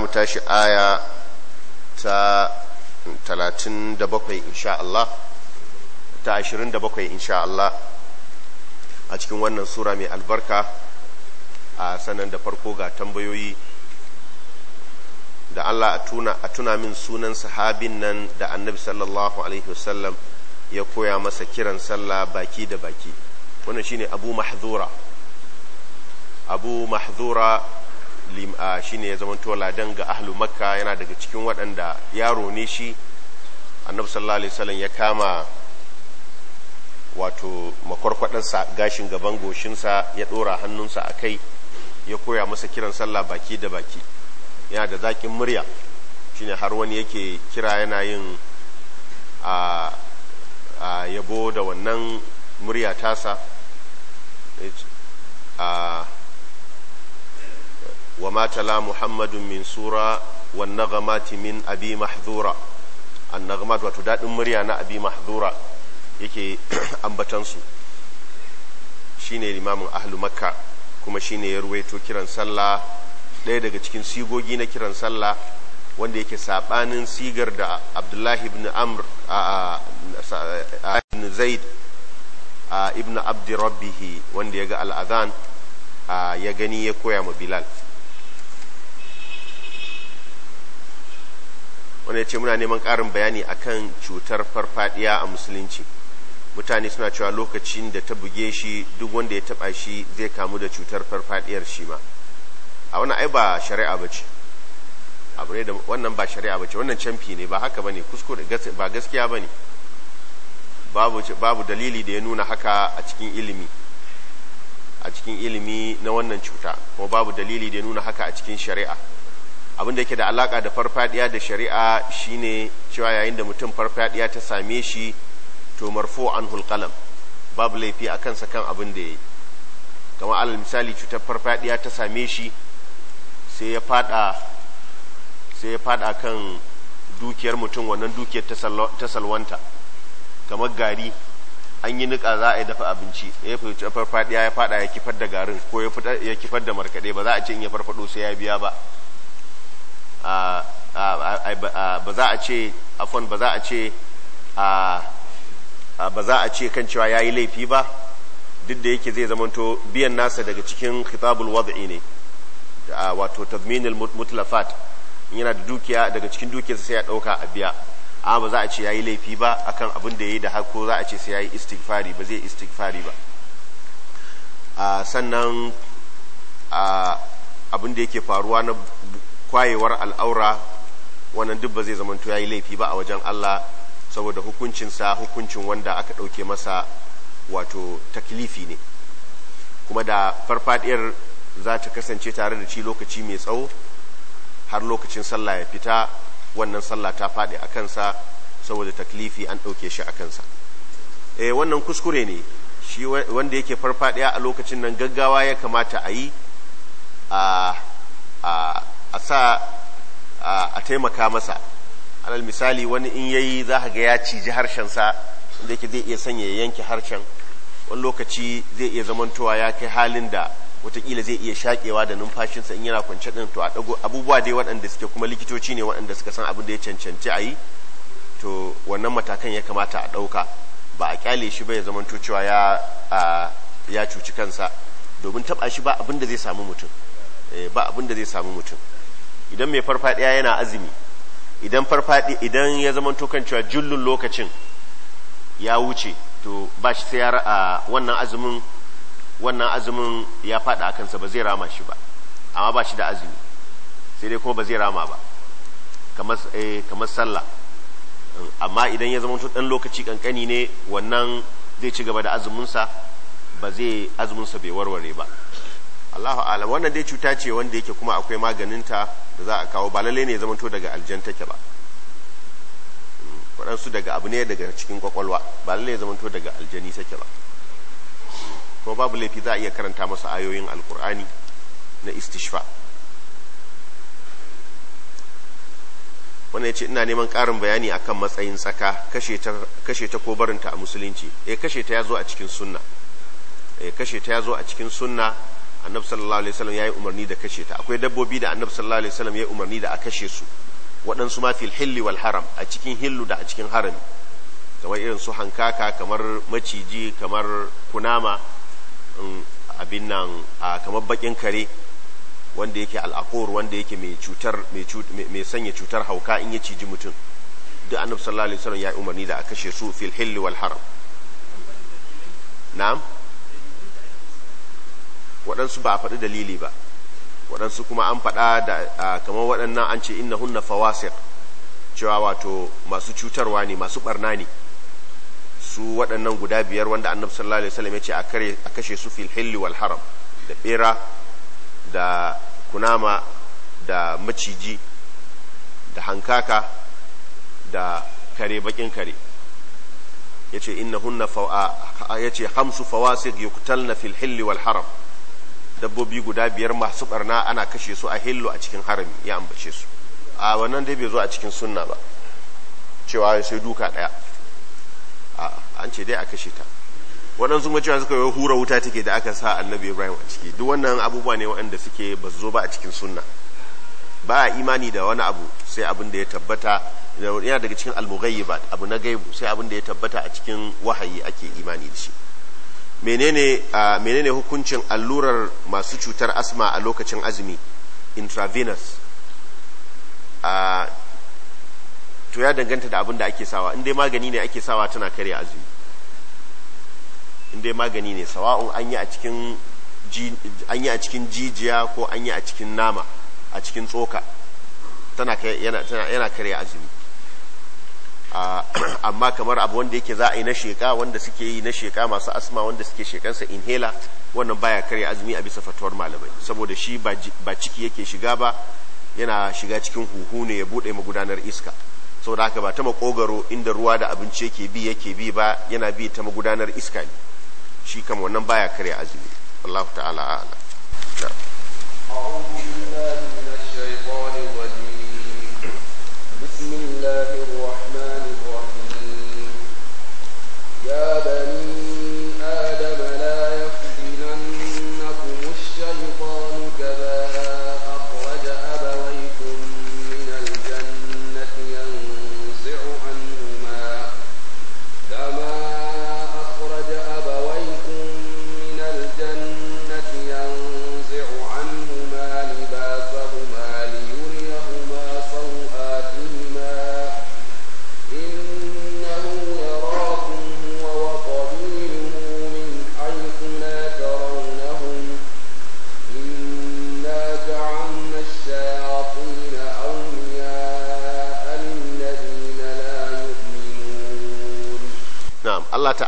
mu tashi aya ta 37 insha Allah ta 27 insha Allah a cikin wannan sura mai albarka a sanan da farko ga tambayoyi da Allah a tuna a tuna min sunan sahabin nan da Annabi sallallahu alaihi wasallam ya koya masa kiran sallah baki da baki wannan shine Abu Mahdhura Abu Mahdhura shi ne ya zamanto ladan ga ahlu makka yana daga cikin waɗanda yaro ne shi annabi sallallahu alaihi wasallam ya kama wato makwarkwadansa gashin gaban goshinsa ya ɗora hannunsa a kai ya koya masa kiran sallah baki da baki yana da zaƙin murya shine har wani yake kira yana yin a yabo da wannan murya tasa a wa تلا محمد من سورة والنغمات من أبي محذورة النغمات وتداد مريانا أبي محذورة yake ambatansu shine limamin ahlu makka kuma shine ya ruwaito kiran sallah ɗaya daga cikin sigogi na kiran sallah wanda yake saɓanin sigar da abdullahi ibn amr ibn zaid ibn abdi rabbihi wanda ya ga al'adhan ya gani ya koya ma bilal wanda ya ce muna neman ƙarin bayani akan cutar farfadiya a musulunci mutane suna cewa lokacin da ta buge shi duk wanda ya taba shi zai kamu da cutar farfadiyar shi ma a wannan ai ba shari'a bace ce wannan ba shari'a bace wannan camfi ne ba haka ba kuskure ba gaskiya ba ne babu dalili da ya nuna haka a cikin ilimi a cikin ilimi na wannan cuta kuma babu dalili da ya nuna haka a cikin shari'a abin da yake da alaka da farfadiya da shari'a shine cewa yayin da mutum farfadiya ta same shi to marfu an hulƙalam babu laifi a kansa kan abin da ya yi kama alal misali cutar farfadiya ta same shi sai ya fada sai ya fada kan dukiyar mutum wannan dukiyar ta salwanta kamar gari an yi nika za a yi dafa abinci ya fi farfadiya ya fada ya kifar da garin ko ya kifar da markaɗe ba za a ce in ya farfado sai ya biya ba ba za a ce afon ba za a ce ba za a ce kan cewa ya yi laifi ba duk da yake zai zamanto biyan nasa daga cikin kitabul wada'i ne wato tazminul mutlafat yana da dukiya daga cikin dukiyarsa sai ya ɗauka a biya amma ba za a ce ya yi laifi ba akan abin da yayi da hako za a ce sai ya yi istighfari ba zai istighfari ba sannan abin da yake faruwa na kwayewar al'aura wannan duk ba zai zamanto ya yi laifi ba a wajen Allah saboda hukuncinsa hukuncin wanda aka ɗauke masa wato taklifi ne kuma da farfadiyar za ta kasance tare da ci lokaci mai tsawo har lokacin sallah ya fita wannan sallah ta faɗi a kansa saboda taklifi an ɗauke shi a kansa eh wannan kuskure ne shi wanda yake farfadiya a lokacin nan gaggawa ya kamata a yi a a sa a taimaka masa alal misali wani in yayi za ka ga ya ciji harshensa inda yake zai iya sanya ya yanke harshen wani lokaci zai iya zamantowa ya kai halin da watakila zai iya shakewa da numfashinsa in yana kwance din to a dago abubuwa dai waɗanda suke kuma likitoci ne waɗanda suka san abin da ya cancanci a yi to wannan matakan ya kamata a ɗauka ba a kyale shi ba ya zamanto cewa ya ya cuci kansa domin taɓa shi ba abin da zai samu mutum eh, ba abin da zai samu mutum idan mai farfadiya yana azumi idan farfadi idan ya zama kan cewa jullun lokacin ya wuce to ba shi sai a wannan azumin wannan azumin ya fada a kansa ba zai rama shi ba amma ba shi da azumi sai dai kuma ba zai rama ba kamar eh, sallah amma idan ya zama dan lokaci kankani ne wannan zai ci gaba da azuminsa ba zai azuminsa bai warware ba Allahu alam wannan dai cuta ce wanda yake kuma akwai maganinta da za a kawo ba lalle ne ya zamanto daga aljan take ba waɗansu daga abu ne daga cikin kwakwalwa ba lalle ya zamanto daga aljani take ba kuma babu laifi za a iya karanta masa ayoyin alkur'ani na istishfa wannan ya ce ina neman ƙarin bayani akan matsayin tsaka kashe ta ko barinta a musulunci eh kashe ta ya zo a cikin sunna eh kashe ta ya zo a cikin sunna annabi sallallahu alaihi wasallam yayi umarni da kashe ta akwai dabbobi da annabi sallallahu alaihi wasallam yayi umarni da a kashe su waɗansu ma fil hilli wal haram a cikin hillu da a cikin harami kamar irin su hankaka kamar maciji kamar kunama um, abin nan kamar bakin kare wanda yake al'akor wanda yake mai cutar mai sanya cutar hauka in ya ciji mutum duk annabi sallallahu alaihi wasallam ya umarni da a kashe su fil hilli wal haram na'am waɗansu ba a faɗi dalili ba waɗansu kuma an faɗa da kamar waɗannan an ce inna hunna fawasir cewa wato masu cutarwa ne masu ɓarna ne su waɗannan guda biyar wanda annabi sallallahu alaihi wasallam ya ce a kashe su fil hilli wal haram da bera da kunama da maciji da hankaka da kare bakin kare yace innahunna fawa yace khamsu fawasiq yuqtalna fil hilli wal haram dabbobi guda biyar masu barna ana kashe su a hillo a cikin harami ya ambace su a wannan dai bai zo a cikin sunna ba cewa sai duka daya an ce dai a kashe ta wannan kuma cewa suka yi hura wuta take da aka sa annabi ibrahim a ciki duk wannan abubuwa ne waɗanda suke ba su zo ba a cikin sunna ba a imani da wani abu sai abin da ya tabbata yana daga cikin almughayyibat abu na gaibu sai abin da ya tabbata a cikin wahayi ake imani da shi menene menene hukuncin allurar masu cutar asma a lokacin azumi intravenous a to ya danganta da abin da ake sawa inda magani ne ake sawa tana karya azumi inda magani ne sawa'un an yi a cikin jijiya ko an yi a cikin nama a cikin tsoka tana yana karya azumi amma kamar abu wanda yake za a yi na sheka wanda suke yi na sheka masu asma wanda suke shekansa inhaler wannan baya karya azumi a bisa fatuwar malamai saboda shi ba ciki yake shiga ba yana shiga cikin huhu ne ya bude magudanar iska saboda haka ba ta makogaro inda ruwa da abinci yake bi yake bi ba yana bi ta magudanar iska ne shi kam wannan baya karya azumi Allah ta'ala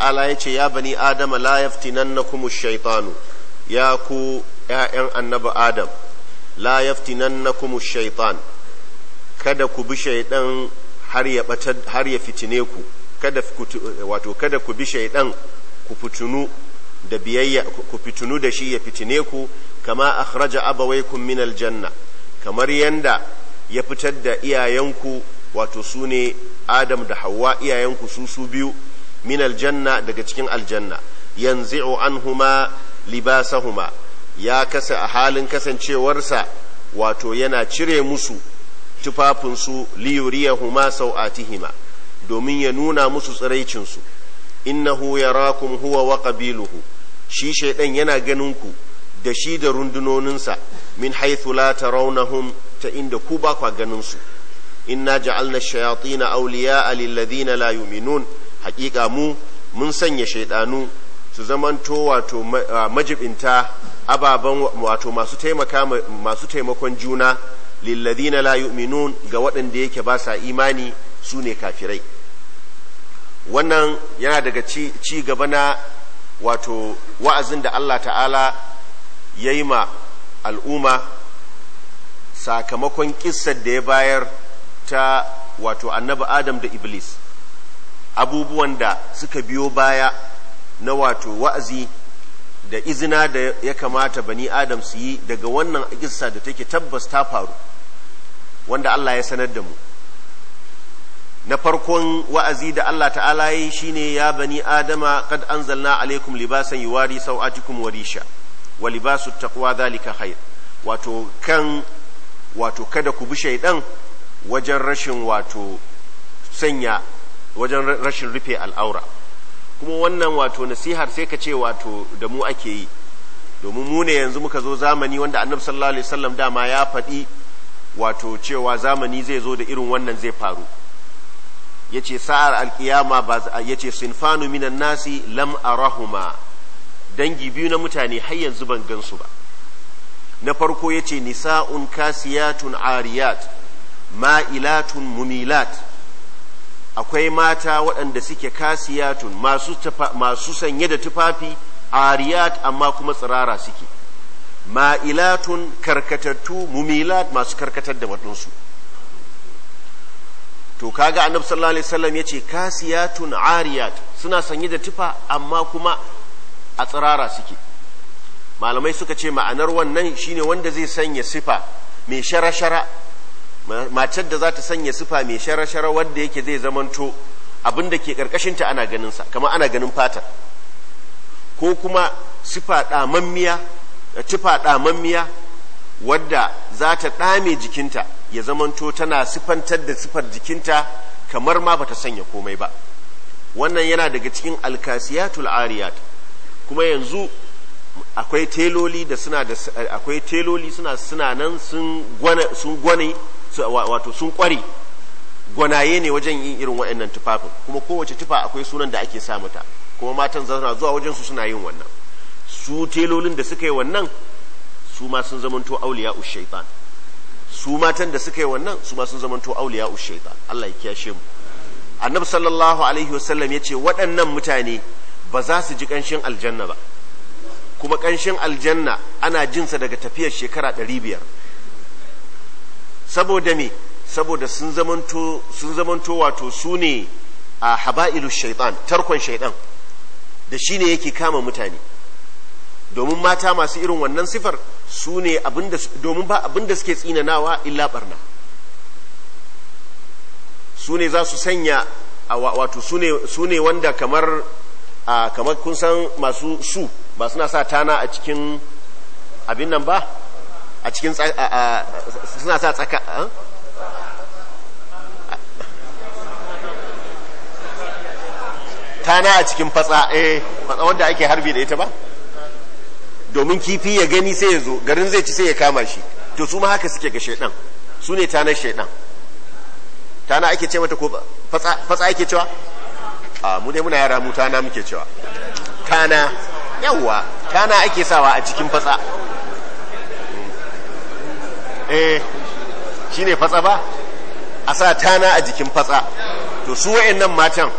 ta'ala ya ce ya bani adama la yaftinannakum ash-shaytanu ya ku ƴaƴan annabi adam la yaftinannakum ash-shaytan kada ku bi shaydan har ya fitine ku kada wato kada ku bi shaydan ku fitunu da biyayya ku fitunu da shi ya fitine ku kama akhraja abawaykum min al-janna kamar yanda ya fitar da iyayenku wato su ne adam da hawa iyayenku su su biyu min aljanna daga cikin aljanna an huma libasahuma ya kasa a halin kasancewarsa wato yana cire musu tufafinsu liyuriyahuma sau'atihima domin ya nuna musu tsiraicinsu innahu yarakum huwa wa qabiluhu shi shaidan yana ganin ku da shi da rundunoninsa min haythu la tarawnahum ta inda ku ba kwa ganin su inna ja'alna ash-shayatin awliya'a lil la yu'minun haƙiƙa mu mun sanya shaidanu su zamanto wato ah, majibinta ababen wato masu taimaka masu taimakon juna lilladina la yu'minun ga waɗanda yake ba sa imani su ne kafirai wannan yana daga ci gaba na wato wa'azin da Allah ta'ala ya yi ma al'umma sakamakon kissar da ya bayar ta wato annabi adam da iblis abubuwan da suka biyo baya na wato wa'azi da izina da ya kamata bani adam su yi daga wannan kissa da take tabbas ta faru wanda Allah ya sanar da mu na farkon wa'azi da Allah ta'ala yi ne ya bani adama kad an anzalna alaikum libasan yuwari wari wa warisha wa libasu taqwa zalika khair wato kan wato kada ku bi shaidan wajen rashin wato sanya wajen rashin rufe al'aura kuma wannan wato nasihar sai ka ce wato da mu ake yi domin mu ne yanzu muka zo zamani wanda annabi sallallahu alaihi wasallam dama ya faɗi wato cewa zamani zai zo da irin wannan zai faru yace sa'ar alkiyama ba yace sinfanu minan nasi lam arahuma dangi biyu na mutane har yanzu ban gansu ba na farko yace nisa'un kasiyatun ariyat ma'ilatun mumilat akwai mata waɗanda suke kasiyatun masu, masu sanye da tufafi ariyat amma kuma tsirara suke ma'ilatun karkatattu mumilat masu karkatar da waɗansu to kaga annabi sallallahu alaihi wasallam yace kasiyatun ariyat suna sanye da tufa amma kuma a tsirara suke malamai suka ce ma'anar wannan shine wanda zai sanya sifa mai shara-shara matar da za ta sanya sufa mai shara-shara wanda yake zai zamanto abin da ke ƙarƙashinta ana ganinsa kamar ana ganin fata ko kuma sufa ɗamammiya tufa ɗamammiya wadda za ta ɗame jikinta ya zamanto tana sifantar da sifar jikinta kamar ma bata sanya komai ba wannan yana daga cikin alkasiyatul ariyat kuma yanzu akwai teloli da suna akwai teloli suna suna nan sun gwani. wato sun kware gwanaye ne wajen yin irin waɗannan tufafin kuma kowace tufa akwai sunan da ake sa mata kuma matan zana zuwa wajen su suna yin wannan su telolin da suka yi wannan su ma sun zamanto auliya ushaitan su matan da suka yi wannan su ma sun zamanto auliya ushaitan Allah ya kiyashe mu annabi sallallahu alaihi wasallam ya ce waɗannan mutane ba za su ji ƙanshin aljanna ba kuma ƙanshin aljanna ana jinsa daga tafiyar shekara ɗari biyar saboda me saboda sun zamanto sun zamanto wato su ne a haba'ilu shaitan tarkon shaitan da shi ne yake kama mutane domin mata masu irin wannan sifar su ne domin ba abinda suke tsinanawa illa barna su ne za su sanya wato su ne wanda kamar kamar kun san masu su ba suna sa tana a cikin abin nan ba a cikin suna sa tsaka eh? tana a cikin fatsa eh fatsa wanda ake harbi da ita ba domin kifi ya gani sai ya zo garin zai ci sai ya kama shi to su ma haka suke ga shaidan su ne tanar shaidan tana ake ce mata ko fatsa ake cewa a mu dai muna yara mu tana muke cewa tana yawwa tana ake sawa a cikin fatsa eh ne fatsa ba a sa tana a jikin fatsa to su wa'annan matan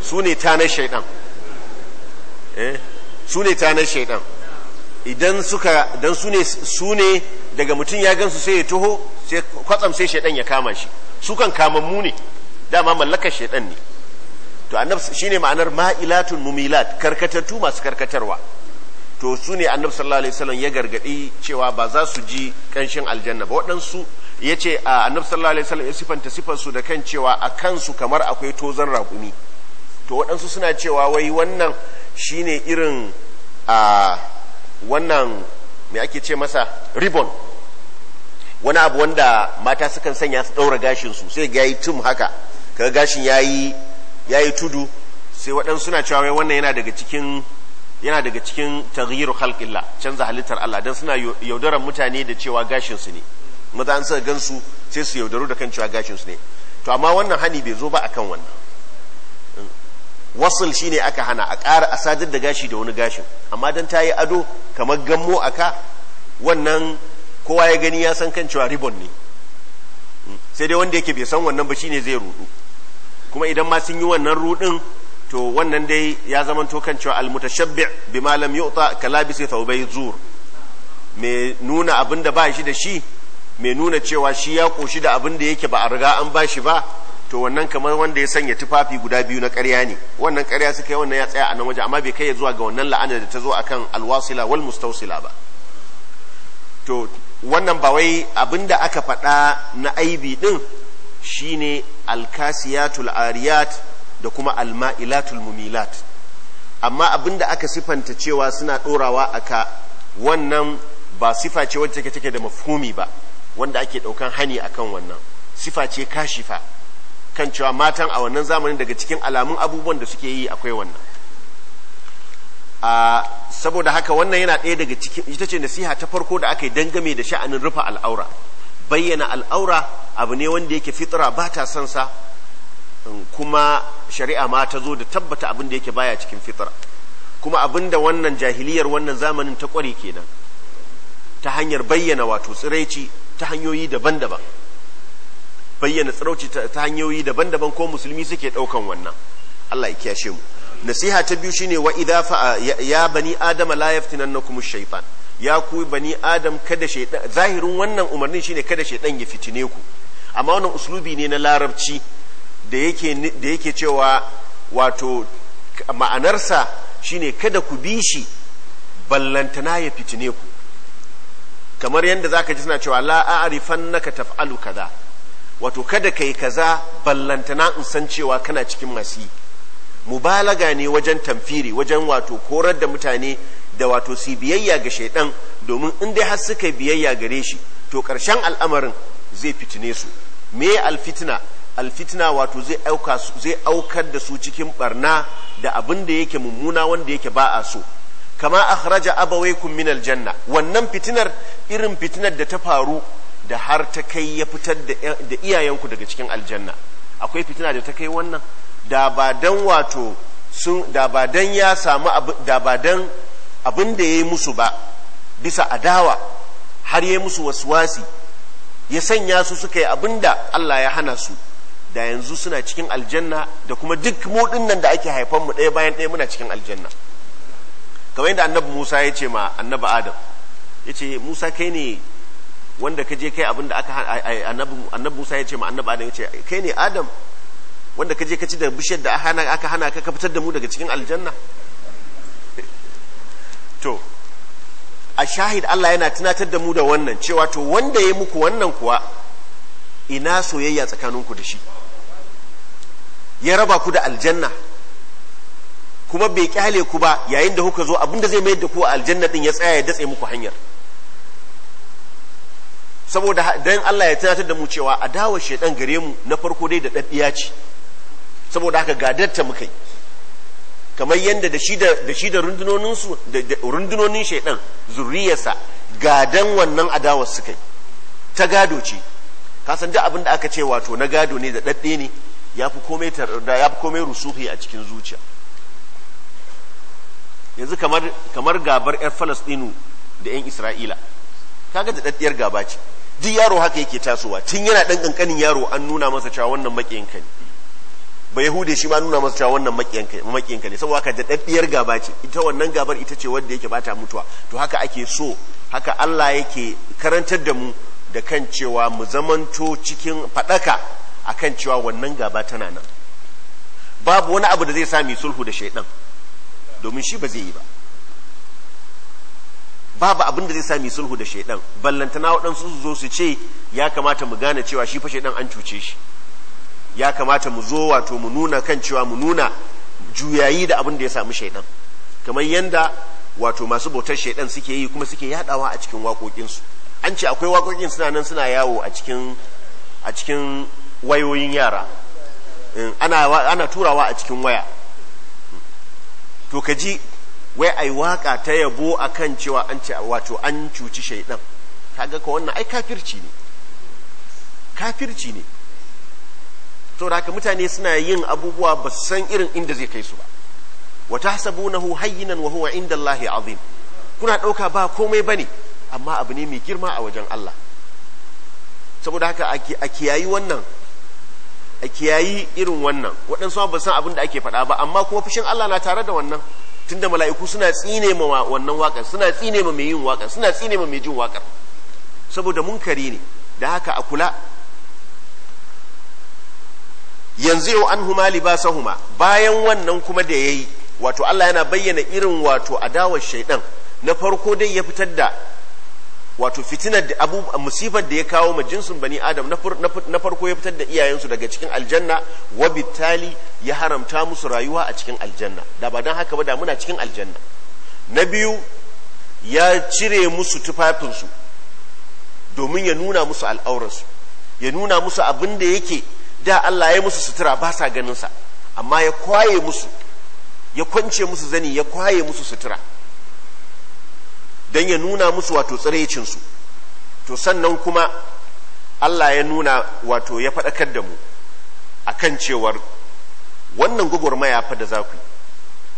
su ne tanar shaidan eh su ne tanar shaidan idan suka dan su ne su ne daga mutum ya gansu sai ya taho sai kwatsam sai shaidan ya kama shi su kan kamammu ne dama mallakar shaidan ne to annab shine ma'anar ma'ilatun mumilat karkatattu masu karkatarwa to su ne annabi sallallahu alaihi wasallam ya gargadi cewa ba za su ji kanshin aljanna ba waɗansu ya ce a annabi sallallahu alaihi wasallam ya sifanta su da kan cewa a kansu kamar akwai tozan rakumi to waɗansu suna cewa wai wannan shine irin a wannan me ake ce masa ribbon wani abu wanda mata sukan sanya su ɗaura gashinsu sai ga yi tum haka kaga gashin ya yi tudu sai waɗansu suna cewa wai wannan yana daga cikin yana daga cikin taghyiru khalqillah canza halittar Allah dan suna yaudaran mutane da cewa gashin su ne maza an sa gansu sai su yaudaru da kan cewa gashin su ne to amma wannan hani bai zo ba akan wannan hmm. wasul shine aka hana a ƙara a sadar da gashi da wani gashin amma dan ta yi ado kamar gammo aka wannan kowa ya gani ya san kan cewa ribon ne hmm. sai dai wanda yake bai san wannan ba shine zai rudu kuma idan ma sun yi wannan rudin to wannan dai ya zamanto kan cewa almutashabbi' bima lam yu'ta kalabisi thawbay zur me nuna abin da ba shi da shi me nuna cewa shi ya koshi da abinda da yake ba a riga an ba shi ba to wannan kamar wanda ya sanya tufafi guda biyu na ƙarya ne wannan ƙarya suka yi wannan ya tsaya a nan waje amma bai kai ya zuwa ga wannan la'ana da ta zo akan alwasila wal mustausila ba to wannan ba wai abin da aka faɗa na aibi ɗin shine alkasiyatul ariyat da kuma alma'ilatul mumilat amma abinda aka sifanta cewa suna ɗorawa aka wannan ba sifa ce wacce take da mafhumi ba wanda ake ɗaukan hani akan wannan sifa ce kashifa kan cewa matan a wannan zamanin daga cikin alamun abubuwan da suke yi akwai wannan saboda haka wannan yana ɗaya daga cikin ita ce nasiha ta farko da aka yi dangame da sha'anin rufe al'aura bayyana al'aura abu ne wanda yake fitra ba ta son sa kuma shari'a ma ta zo da tabbata abin da yake baya cikin fitra kuma abin da wannan jahiliyar wannan zamanin ta kware kenan ta hanyar bayyana wato tsiraici ta hanyoyi daban-daban bayyana tsirauci ta hanyoyi daban-daban ko musulmi suke ɗaukan wannan Allah ya kiyashe mu nasiha ta biyu shine wa idza fa ya bani adam la yaftinannakum ash-shaytan ya ku bani adam kada shaytan zahirin wannan umarnin shine kada shaytan ya fitine ku amma wannan uslubi ne na larabci da yake cewa wato ma'anarsa shine kada ku bi shi ballantana ya fitine ku kamar yadda za ka ji suna cewa la'arifan naka taf'alu kaza wato kada ka yi kaza ballantana in san cewa kana cikin masu yi mubalaga ne wajen tamfiri wajen wato korar da mutane da wato su biyayya ga shaidan domin in dai har suka biyayya gare shi to karshen al'amarin zai fitine su me alfitina. Alfitina wato zai zai aukar da su cikin barna da abin da yake mummuna wanda yake ba a so kama akhraja abawaykum min aljanna wannan fitinar irin fitinar da ta faru da har ta kai ya fitar da iyayenku daga cikin aljanna akwai fitina da ta kai wannan da ba dan wato sun da ba dan ya samu da ba dan abin da yayi musu ba bisa adawa har yayi musu waswasi ya sanya su suka yi abin Allah ya hana su da yanzu suna cikin aljanna da kuma duk mu nan da ake haifan mu ɗaya bayan ɗaya muna cikin aljanna kamar yadda annabi Musa ya ce ma annabi Adam ya ce Musa kai ne wanda ka je kai abin da aka annabi Musa ya ce ma annabi Adam ya ce kai ne Adam wanda ka je ka ci da bishiyar da aka hana ka ka fitar da mu daga cikin aljanna to a shahid Allah yana tunatar da mu da wannan cewa to wanda ya muku wannan kuwa ina soyayya tsakaninku da shi ya raba ku da aljanna kuma bai kyale ku ba yayin da kuka zo abinda zai mayar da ku aljanna din ya tsaya ya datse muku hanyar saboda dan Allah ya tunatar da mu cewa adawar shaidan gare mu na farko dai da daddiya ce saboda haka gadarta muka kai kamar yadda da shi da da shi da rundunonin su da rundunonin shedan zuriyarsa gadan wannan adawar su kai ta gado ce ka san duk abin da aka ce wato na gado ne da dadde ne ya fi komai tarda ya fi komai rusuhi a cikin zuciya yanzu kamar kamar gabar yar falastinu da yan isra'ila kaga da daddiyar gaba ce duk yaro haka yake tasowa tun yana ɗan kankanin yaro an nuna masa cewa wannan makiyanka ne ba yahude shi ma nuna masa cewa wannan makiyanka ne saboda haka da gaba ce ita wannan gabar ita ce wanda yake bata mutuwa to haka ake so haka Allah yake karantar da mu da kan cewa mu zamanto cikin faɗaka. akan cewa wannan gaba tana nan babu wani abu da zai sami sulhu da shaidan domin shi ba zai yi ba babu abin da zai sami sulhu da shaidan ballantana waɗansu su zo su ce ya kamata mu gane cewa shi fa shaidan an cuce shi ya kamata mu zo wato mu nuna kan cewa mu nuna juyayi da abin da ya sami shaidan kamar yadda wato masu bautar shaidan suke yi kuma suke yadawa a cikin waƙoƙinsu an ce akwai waƙoƙin suna nan suna yawo a cikin wayoyin yara eh, ana turawa a cikin waya to ka ji wai ai waka ta yabo kan cewa an wato an cuci shaidan kaga ka wannan ai kafirci ne kafirci ne to da mutane suna yin abubuwa ba su san irin inda zai kai su ba wa tahsabunahu hayyinan wa huwa inda Allahi azim kuna dauka ba komai bane amma abu ne mai girma a wajen Allah saboda haka a kiyayi wannan a kiyayi irin wannan waɗansu ba san abin da ake faɗa ba amma kuma fushin Allah na tare da wannan tunda mala'iku suna tsine ma wannan waƙar suna tsine ma mai yin waƙar suna tsine ma mai jin waƙar saboda munkari ne da haka a kula yanzu yau an huma libasahuma bayan wannan kuma da ya yi wato Allah yana bayyana irin wato adawar shaidan na farko dai ya fitar da wato fitinar da abu musibar da ya kawo ma jinsin bani adam na farko ya fitar da iyayensu daga cikin aljanna wa Bitali ya haramta musu rayuwa a cikin aljanna da ba don haka ba da muna cikin aljanna na biyu ya cire musu tufafinsu domin ya nuna musu al'aurarsu ya nuna musu abin da yake da Allah ya musu sutura ba sa ganinsa amma ya kwaye musu ya kwance musu zani ya kwaye musu sutura don ya nuna musu wato tsiraicinsu to sannan kuma Allah ya nuna wato ya faɗakar da mu a kan cewar wannan gwagwarmaya fa da za ku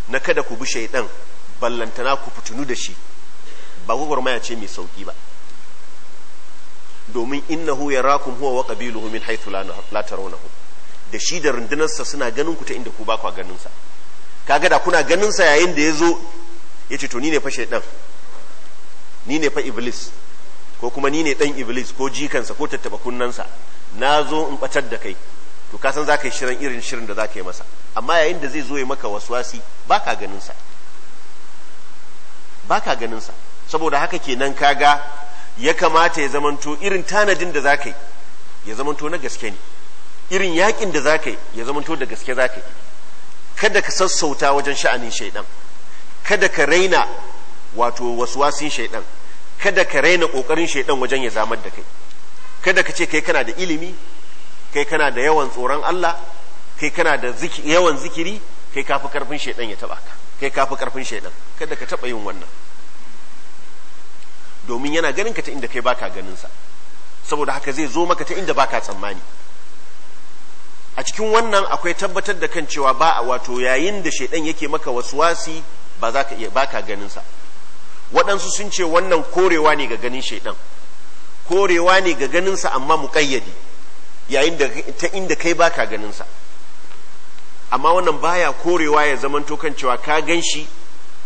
na kada ku bi shaidan ballantana ku fitinu da shi ba gwagwarmaya ce mai sauƙi ba domin innahu rakun huwa wa qabiluhu min haythu la tarawnahu da shi da rundunarsa suna ganin ku ta inda ku ba ku ganin kaga da kuna ganinsa sa yayin da yazo yace to ni ne fa shaidan ni ne fa iblis ko kuma ni ne dan iblis ko jikansa ko tattaba kunnansa na zo in batar da kai to ka san za ka yi shirin irin shirin da za yi masa amma yayin da zai zo ya maka waswasi ba ka ganinsa ba ka ganinsa saboda haka kenan kaga ya kamata ya zamanto irin tanadin da za yi ya zamanto na gaske ne irin yakin da za yi ya zamanto da gaske za yi kada ka sassauta wajen sha'anin shaidan kada ka raina wato wasin shaidan kada ka raina kokarin shaidan wajen ya zamar da kai kada ka ce kai kana da ilimi kai kana da yawan tsoron Allah kai kana da yawan zikiri kai kafi karfin shaidan ya taba ka kai kafi karfin shaidan kada ka taba yin wannan domin yana ganin ka ta inda kai baka ganin sa saboda haka zai zo maka ta inda baka tsammani a cikin wannan akwai tabbatar da kan cewa ba a wato yayin da shaidan yake maka wasu wasi ba za ka iya baka ganin sa waɗansu sun ce wannan korewa ne ga ganin shaidan korewa ne ga ganinsa amma mu ƙayyade yayin da ta inda kai baka ganinsa amma wannan baya korewa ya zamanto kan cewa ka gan shi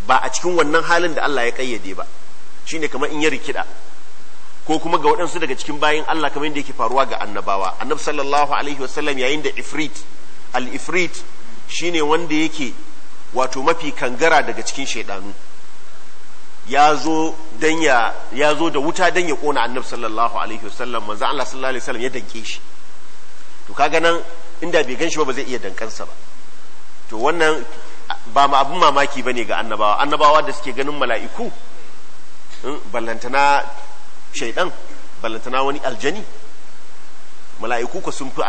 ba a cikin wannan halin da Allah ya ƙayyade ba shine kamar in ya rikida ko kuma ga waɗansu daga cikin bayan Allah kamar yadda yake faruwa ga annabawa annabi sallallahu alaihi wasallam yayin da ifrit al ifrit shine wanda yake wato mafi kangara daga cikin shaidanu ya zo dan ya ya zo da wuta dan ya kona annab sallallahu alaihi wasallam manzo Allah sallallahu alaihi wasallam ya danke shi to kaga nan inda bai ganshi ba ba zai iya dankansa ba to wannan ba ma abin mamaki bane ga annabawa annabawa da suke ganin mala'iku hmm, ballantana shaidan ballantana wani aljani mala'iku ko sun fi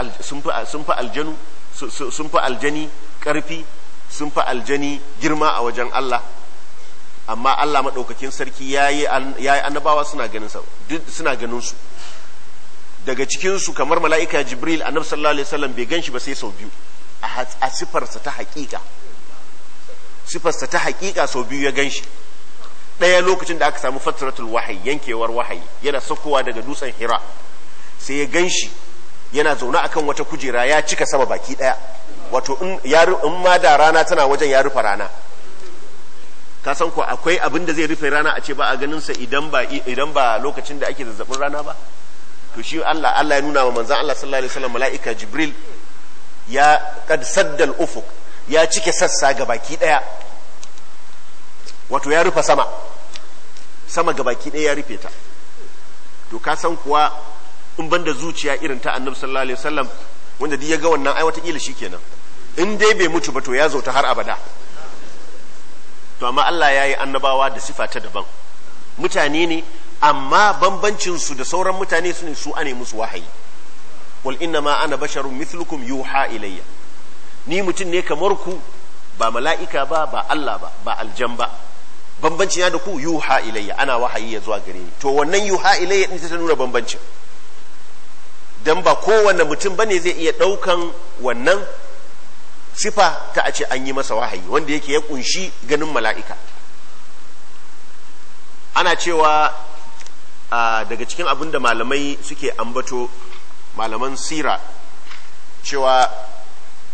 aljanu sun fi aljani karfi sun fi aljani girma a wajen Allah amma Allah maɗaukakin sarki ya yi annabawa suna ganin su daga cikinsu kamar mala'ika jibril annab sallallahu alaihi wasallam bai gan ba sai sau biyu a sifarsa ta haƙiƙa sifarsa ta haƙiƙa sau biyu ya ganshi shi ɗaya lokacin da aka samu fatratul wahayi yankewar wahayi yana saukowa daga dutsen hira sai ya gan yana zaune akan wata kujera ya cika sama baki ɗaya wato in ma da rana tana wajen ya rufe rana ka san ko akwai abin da zai rufe rana a ce ba a ganin sa idan ba idan ba lokacin da ake zazzabin rana ba to shi Allah Allah ya nuna wa manzon Allah sallallahu alaihi wasallam mala'ika Jibril ya kad saddal ufuq ya cike sassa gabaki daya wato ya rufe sama sama gabaki daya ya rufe ta to ka san kuwa in banda zuciya irin ta Annabi sallallahu alaihi wasallam wanda duk ya ga wannan ai wata kila kenan in dai bai mutu ba to ya zo ta har abada to amma Allah ya yi annabawa da sifa ta daban mutane ne amma bambancinsu da sauran mutane su ne su ane musu wahayi wal inna ma ana basharun mithlukum yuha ilayya ni mutum ne kamar ku ba mala'ika ba ba Allah ba ba aljan ba bambancin ya da ku yuha ilayya ana wahayi ya zuwa gare ni to wannan yuha ilayya din ta nuna bambancin dan ba kowanne mutum bane zai iya daukan wannan sifa ta a ce an yi masa wahayi wanda yake ya kunshi ganin mala'ika ana cewa daga cikin abin da malamai suke ambato malaman sira cewa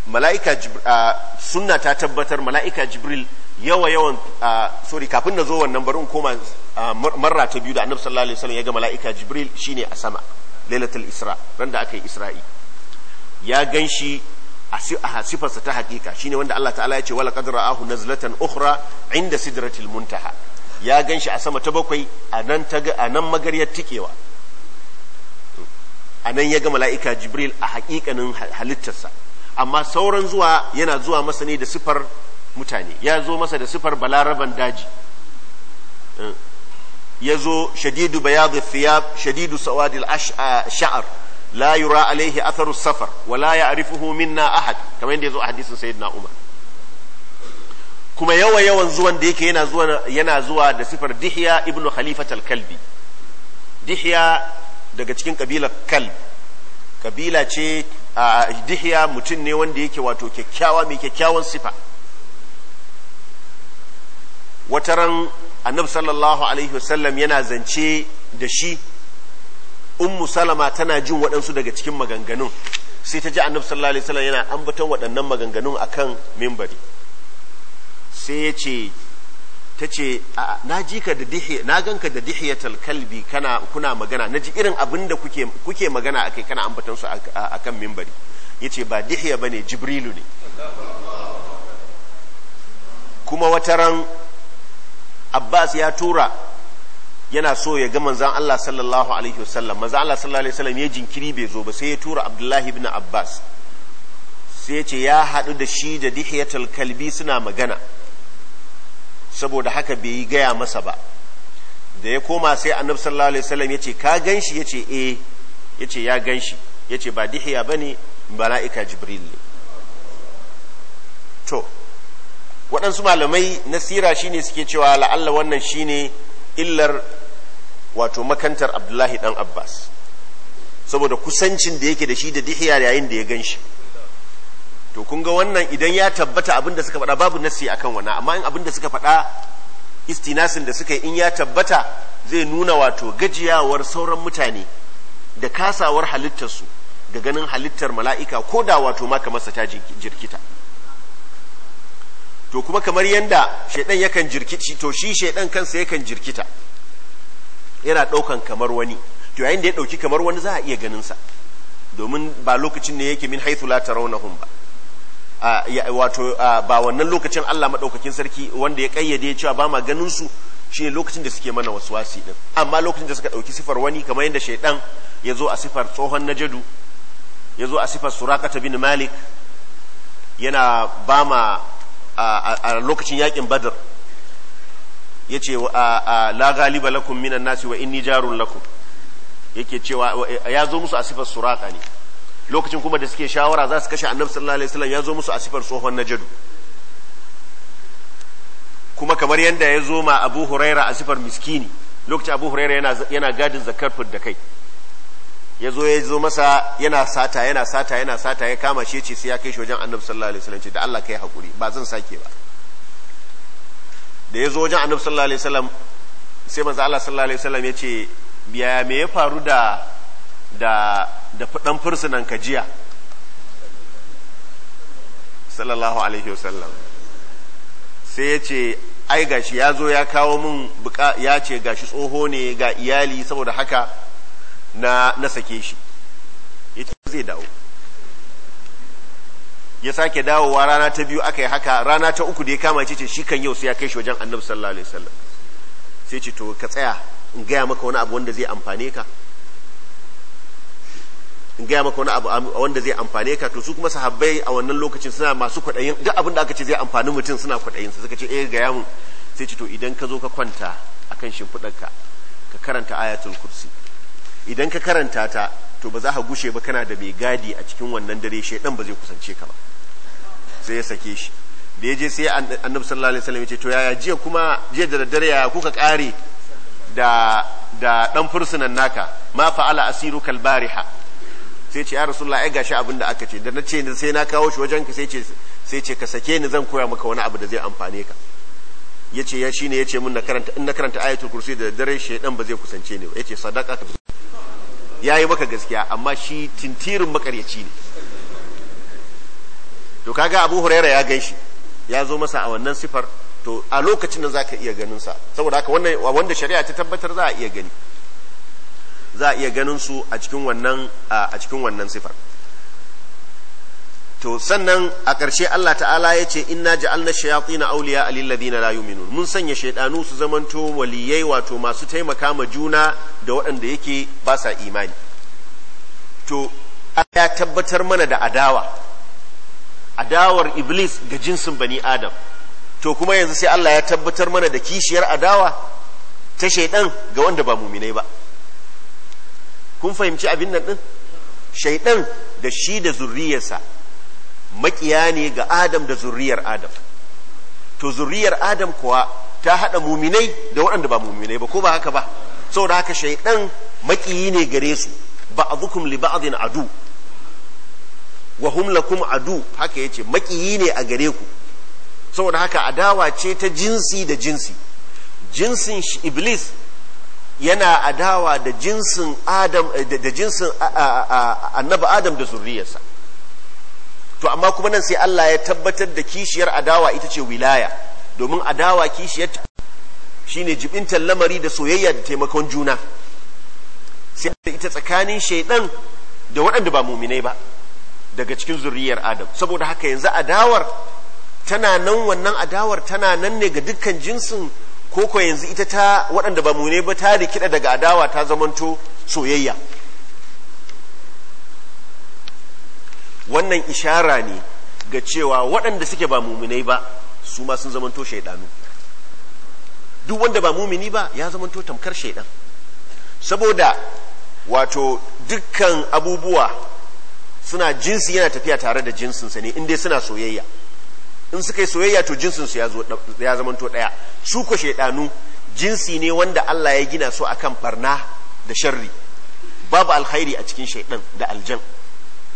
mala'ika sunna ta tabbatar mala'ika jibril yawa yawan sori kafin na zo wannan barin koma marra ta biyu da annab sallallahu alaihi wasallam ya ga mala'ika jibril shine a sama lailatul isra randa da aka yi isra'i ya ganshi a sifarsa ta hakika shine wanda Allah ta'ala ya ce wala na ra'ahu nazlatan ukhra inda sidratil muntaha ya ganshi a sama ta bakwai a nan ta a nan magaryar tikewa a nan ya ga mala'ika jibril a hakikanin halittarsa amma sauran zuwa yana zuwa masa ne da sifar mutane ya zo masa da sifar balaraban daji ya zo shadidu bayadu Fiyab, shadidu sawadil sha'ar Layura yura alaihi atharu safar wa la ya'rifuhu minna ahad kamar yadda yazo a hadisin sayyidina Umar kuma yawa yawan zuwan da yake yana zuwa yana zuwa da sifar Dihya ibnu Khalifat al Dihya daga cikin kabilar Kalb kabila ce a Dihya mutum ne wanda yake wato kyakkyawa mai kyakkyawan sifa wataran annabi sallallahu alaihi wasallam yana zance da shi ummu salama tana jin waɗansu daga cikin maganganun sai ta ji annabi sallallahu alaihi wasallam yana ambaton waɗannan maganganun akan mimbari sai ya ce ta ce na ji ka da dihi na ganka da dihiyatal kalbi kana kuna magana na ji irin abin da kuke kuke magana akai kana ambaton su akan mimbari yace ba dihiya bane jibrilu ne kuma wataran abbas ya tura yana so ya ga manzan Allah sallallahu alaihi wasallam manzan Allah sallallahu alaihi wasallam ya jinkiri bai zo ba sai ya tura Abdullahi ibn Abbas sai ya ce ya haɗu da shi da dihiyatul kalbi suna magana saboda haka bai yi gaya masa ba da ya koma sai annabi sallallahu alaihi wasallam ya ce ka ganshi ya ce eh ya ce ya ganshi ya ce ba dihiya ba bane bala'ika jibril ne to waɗansu malamai nasira sira shine suke cewa la'alla wannan shine illar wato makantar abdullahi dan abbas saboda kusancin da yake da shi da dihiya yayin da ya gan shi to kun ga wannan idan ya tabbata abin da suka faɗa babu nassi akan wannan amma in abin da suka faɗa istinasin da suka yi in ya tabbata zai nuna wato gajiyawar sauran mutane da kasawar halittarsu ga ganin halittar mala'ika ko da wato ma kamar ta jirkita to kuma kamar yanda shaidan yakan jirkici to shi shaidan kansa yakan jirkita yana daukan kamar wani to yayin da ya ɗauki kamar wani za a iya ganin sa domin ba lokacin ne yake min haithu la tarawnahum ba wato ba wannan lokacin Allah madaukakin sarki wanda ya kayyade cewa ba ma ganin su shine lokacin da suke mana waswasi din amma lokacin da suka dauki sifar wani kamar yadda shaiɗan ya zo a sifar tsohon najadu ya zo a sifar surakata bin malik yana ba ma a lokacin yakin badr yace la galiba lakum minan nasi wa inni jarun lakum yake cewa ya zo musu a sifar suraka ne lokacin kuma da suke shawara za su kashe annabi sallallahu alaihi wasallam ya zo musu a sifar tsohon najadu kuma kamar yadda ya zo ma abu huraira a sifar miskini lokacin abu huraira yana gadin zakar da kai ya zo ya zo masa yana sata yana sata yana sata ya kama shi ya ce sai ya kai shi wajen annabi sallallahu alaihi wasallam ce da Allah kai hakuri ba zan sake ba da ya zo wajen annabi sallallahu alaihi wasallam sai manzo Allah sallallahu alaihi wasallam ya ce me ya faru da da da fadan fursunan kajiya sallallahu alaihi wasallam sai ya ce ai gashi ya zo ya kawo min ya ce gashi tsoho ne ga iyali saboda haka na na sake shi yace zai dawo ya sake dawowa rana ta biyu aka yi haka rana ta uku da ya kama ce shi kan yau sai ya kai shi wajen annabi sallallahu alaihi wasallam sai ce to ka tsaya in gaya maka wani abu wanda zai amfane ka in gaya maka wani abu wanda zai amfane ka to su kuma sahabbai a wannan lokacin suna masu kwaɗayin duk abin da aka ce zai amfani mutum suna kwaɗayin su suka ce eh gaya mu sai ce to idan ka zo ka kwanta akan shimfiɗarka ka karanta ayatul kursi idan ka karanta ta to ba za ka gushe ba kana da mai gadi a cikin wannan dare shaidan ba zai kusance ka ba sai ya sake shi da ya je sai annabi sallallahu alaihi wasallam ya ce to yaya jiya kuma jiya da daddare ya kuka kare da da dan fursunan naka ma fa'ala asiru kalbariha sai ce ya rasulullah ai gashi abin da aka ce da na ce sai na kawo shi wajenka sai ce sai ce ka sake ni zan koya maka wani abu da zai amfane ka yace ya shine yace mun na karanta in na karanta ayatul kursi da daddare shedan ba zai kusance ni ba yace sadaka yayi maka gaskiya amma shi tintirin makaryaci ne to kaga abu huraira ya shi ya zo masa a wannan sifar to a lokacin da zaka iya ganin sa saboda haka wannan wanda shari'a ta tabbatar za a iya gani za a iya ganin su a cikin wannan a cikin wannan sifar to sannan a ƙarshe Allah ta'ala ya ce inna ja'alna shayatin awliya lil ladina la yu'minun mun sanya shaydanu su zamanto waliyai wato masu taimaka ma juna da waɗanda yake ba sa imani to ya tabbatar mana da adawa adawar iblis ga jinsin bani adam to kuma yanzu sai Allah ya tabbatar mana da kishiyar adawa ta shaidan ga wanda ba muminai ba kun fahimci abin nan din shaidan da shi da zurriyarsa makiya ne ga adam da zurriyar adam to zurriyar adam kuwa ta haɗa muminai da waɗanda ba muminai ba ko ba haka ba saboda haka shaidan makiyi ne gare su ba'dukum li ba'din adu wa hum lakum adu haka yace makiyi ne a gare ku saboda haka adawa ce ta jinsi da jinsi jinsin iblis yana adawa da jinsin adam eh, da jinsin annabi adam da zurriyarsa to amma kuma nan sai Allah ya tabbatar da kishiyar adawa ita ce wilaya domin adawa kishiyar shine jibintar lamari da soyayya da taimakon juna sai ita tsakanin shaidan da waɗanda ba muminai ba daga cikin zuriyar adam saboda haka yanzu adawar tana nan wannan adawar tana nan ne ga dukkan jinsin koko yanzu ita ta waɗanda ba mune ne ba ta rikida daga adawa ta zamanto soyayya wannan ishara ne ga cewa waɗanda suke ba muminai ba su ma sun zamanto shaidanu duk wanda ba mumini ba ya zamanto tamkar shaidan saboda wato dukkan abubuwa suna jinsi yana tafiya tare da jinsinsa ne in dai suna soyayya in suka yi soyayya to jinsinsu ya zamanto ɗaya su ko shaidanu jinsi ne wanda Allah ya gina su akan barna da sharri babu alkhairi a cikin shaidan da aljan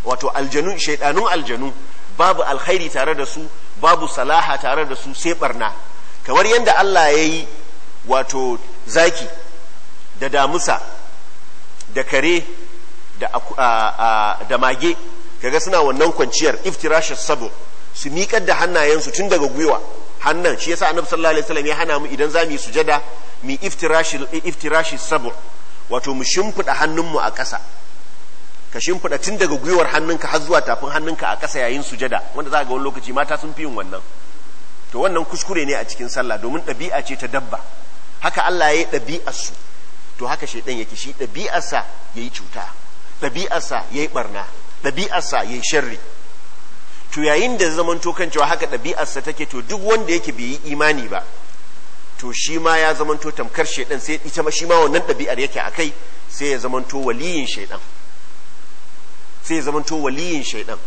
wato aljanu shaidanun aljanu babu alkhairi tare da su babu salaha tare da su sai barna kamar yadda Allah ya yi wato zaki da damusa da kare da mage kaga suna wannan kwanciyar iftirashar sabo su miƙar da hannayensu tun daga gwiwa hannan shi yasa annabi sallallahu alaihi wasallam ya hana mu idan za mu yi sujada mu iftirashi iftirashi sabu wato mu shimfida hannunmu a ƙasa ka shimfida tun daga gwiwar hannunka har zuwa tafin hannunka a ƙasa yayin sujada wanda za ga wani lokaci mata sun fi yin wannan to wannan kuskure ne a cikin sallah domin ɗabi'a ce ta dabba haka Allah ya yi ɗabi'arsu to haka shaidan yake shi ɗabi'arsa yayi cuta ɗabi'arsa ya yi ɓarna ɗabi'arsa ya yi shirri to yayin da zaman kan cewa haka ɗabi'arsa take to duk wanda yake bai yi imani ba to shi ma ya zamanto tamkar shaidan sai ita ma shi ma wannan ɗabi'ar yake a kai sai ya zamanto waliyin shaidan sai ya zamanto waliyin shaidan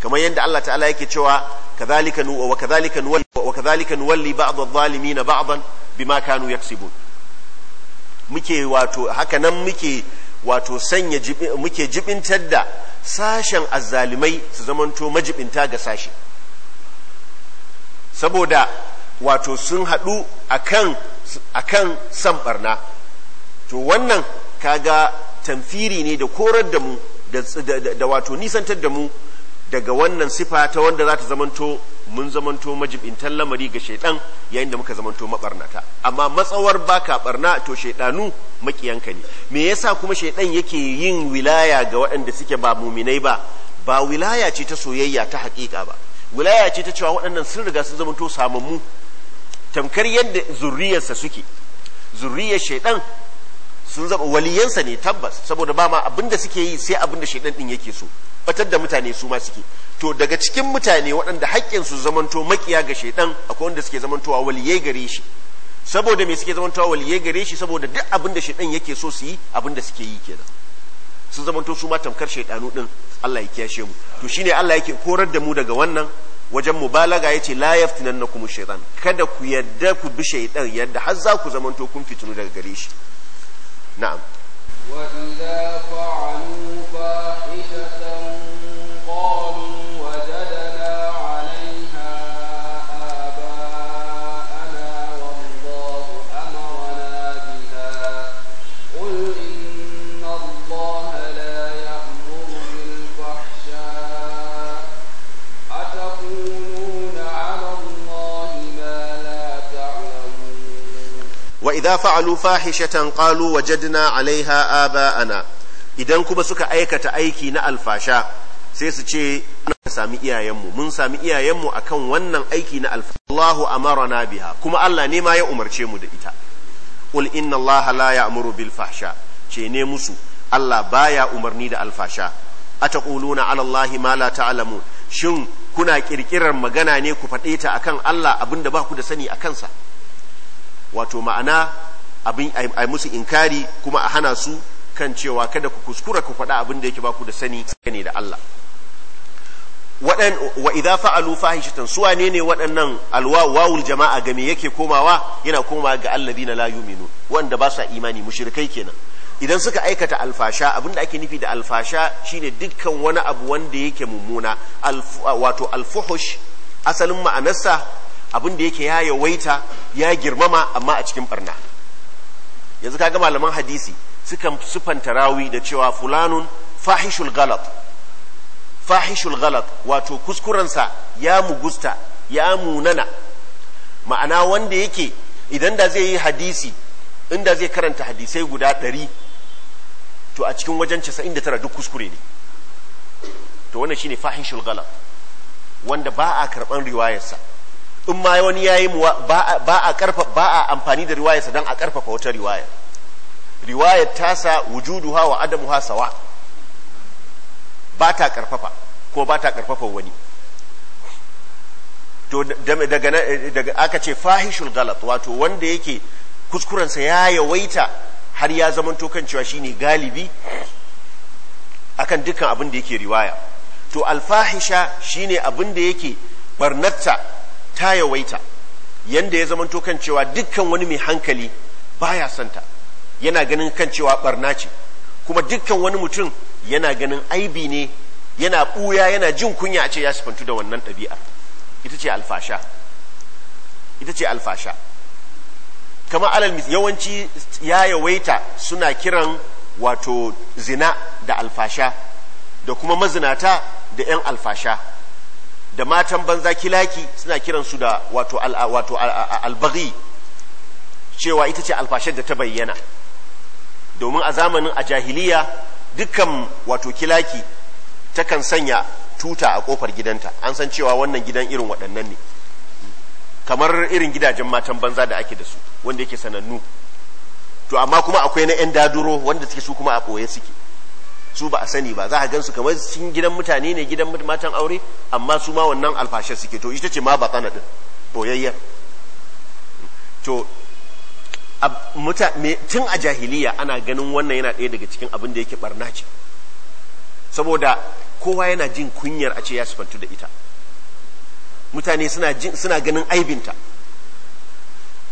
kamar yadda Allah ta'ala yake cewa kadhalika nu wa kadhalika nuwalli wa kadhalika nuwalli ba'd adh-dhalimin ba'dan bima kanu yaksibun muke wato haka nan muke wato sanya muke jibintar da sashen azzalimai su zamanto majibinta ga sashe saboda wato sun haɗu a kan san barna to wannan kaga tamfiri ne da korar da mu da wato nisantar da mu daga wannan sifa ta wanda za ta zamanto mun zamanto majibintan lamari ga shaidan yayin da muka zamanto mabarnata amma matsawar baka barna to shaidanu makiyanka ne me yasa kuma shaidan yake yin wilaya ga waɗanda suke ba muminai ba ba wilaya ce ta soyayya ta haƙiƙa ba wilaya ce ta cewa waɗannan sun riga sun zamanto samammu tamkar yadda zurriyarsa suke zurriyar shaidan sun zama waliyansa ne tabbas saboda ba ma abin da suke yi sai abin da shaidan din yake so batar da mutane su ma suke to daga cikin mutane waɗanda haƙƙin su zamanto makiya ga shaidan akwai wanda suke zamantowa waliyai gare shi saboda me suke zamantowa waliyai gare shi saboda duk abinda da shaidan yake so su yi abin da suke yi kenan sun zamanto su ma tamkar shaidanu din Allah ya kiyashe mu to shine Allah yake korar da mu daga wannan wajen mubalaga ya ce tunan na kuma shaidan kada ku yadda ku bi shaidan yadda har za ku zamanto kun fitinu daga gare shi na'am wa idza idza fa'alu fahishatan qalu wajadna 'alaiha aba'ana idan kuma suka aikata aiki na alfasha sai su ce mun sami iyayenmu mun sami iyayenmu akan wannan aiki na alfasha Allahu amarana biha kuma Allah ne ma ya umarce mu da ita qul inna Allah la ya'muru bil fahsha ce ne musu Allah baya umarni da alfasha ataquluna 'ala Allahi ma la ta'lamun shin kuna kirkirar magana ne ku faɗe ta akan Allah abinda ba ku da sani a kansa. wato ma'ana abin ai musu inkari kuma a hana su kan cewa kada ku kuskura ku faɗa abin da yake ba ku da sani ne da Allah wa idza fa'alu fahishatan suwa ne ne waɗannan alwawul jama'a game yake komawa yana komawa ga alladina la yu'minu wanda ba sa imani mushrikai kenan idan suka aikata alfasha abin da ake nufi da alfasha shine dukkan wani abu wanda yake mummuna wato alfuhush asalin ma'anarsa abin da yake ya yawaita ya girmama amma a cikin barna yanzu kaga malaman hadisi sukan sufanta rawi da cewa fulanun fahishul galat fahishul galat wato kuskurensa ya mugusta ya munana ma'ana wanda yake idan da zai yi hadisi inda zai karanta hadisai guda ɗari to a cikin wajen casa'in da tara duk kuskure ne to wannan shine fahishul galat wanda ba a karɓan riwayarsa in ma wani ya ba a karfa ba a amfani da riwayarsa don a karfafa wata riwaya riwayar tasa wujudu wa ha sawa ba ta karfafa ko ba ta karfafa wani to daga aka ce fahishul galat wato wanda yake kuskurensa ya yawaita har ya zama tokan cewa shine galibi akan dukkan abin da yake riwaya to alfahisha shine abin da yake barnatta ta yawaita yanda ya zamanto kan cewa dukkan wani mai hankali baya santa yana ganin kan cewa barna ce kuma dukkan wani mutum yana ganin aibi ne yana ɓuya yana jin kunya a ce ya sifantu da wannan ɗabi'a ita ce alfasha ita ce alfasha kama alal yawanci ya yawaita suna kiran wato zina da alfasha da kuma mazinata da 'yan alfasha da matan banza kilaki suna kiransu da wato wato albaghi cewa ita ce alfashar da ta bayyana domin a zamanin a jahiliya dukkan wato kilaki takan sanya tuta a kofar gidanta an san cewa wannan gidan irin waɗannan ne kamar irin gidajen matan banza da ake da su wanda yake sanannu to amma kuma akwai na 'yan daduro wanda suke su kuma a ɓoye suke su ba a sani ba za a gan su, kamar sun gidan mutane ne gidan matan aure amma su ma wannan alfashe suke to ita ce ma ba kana din boyayya to tun a jahiliya ana ganin wannan yana ɗaya daga cikin abin da yake barna ce saboda kowa yana jin kunyar a ce ya sifantu da ita mutane suna ganin aibinta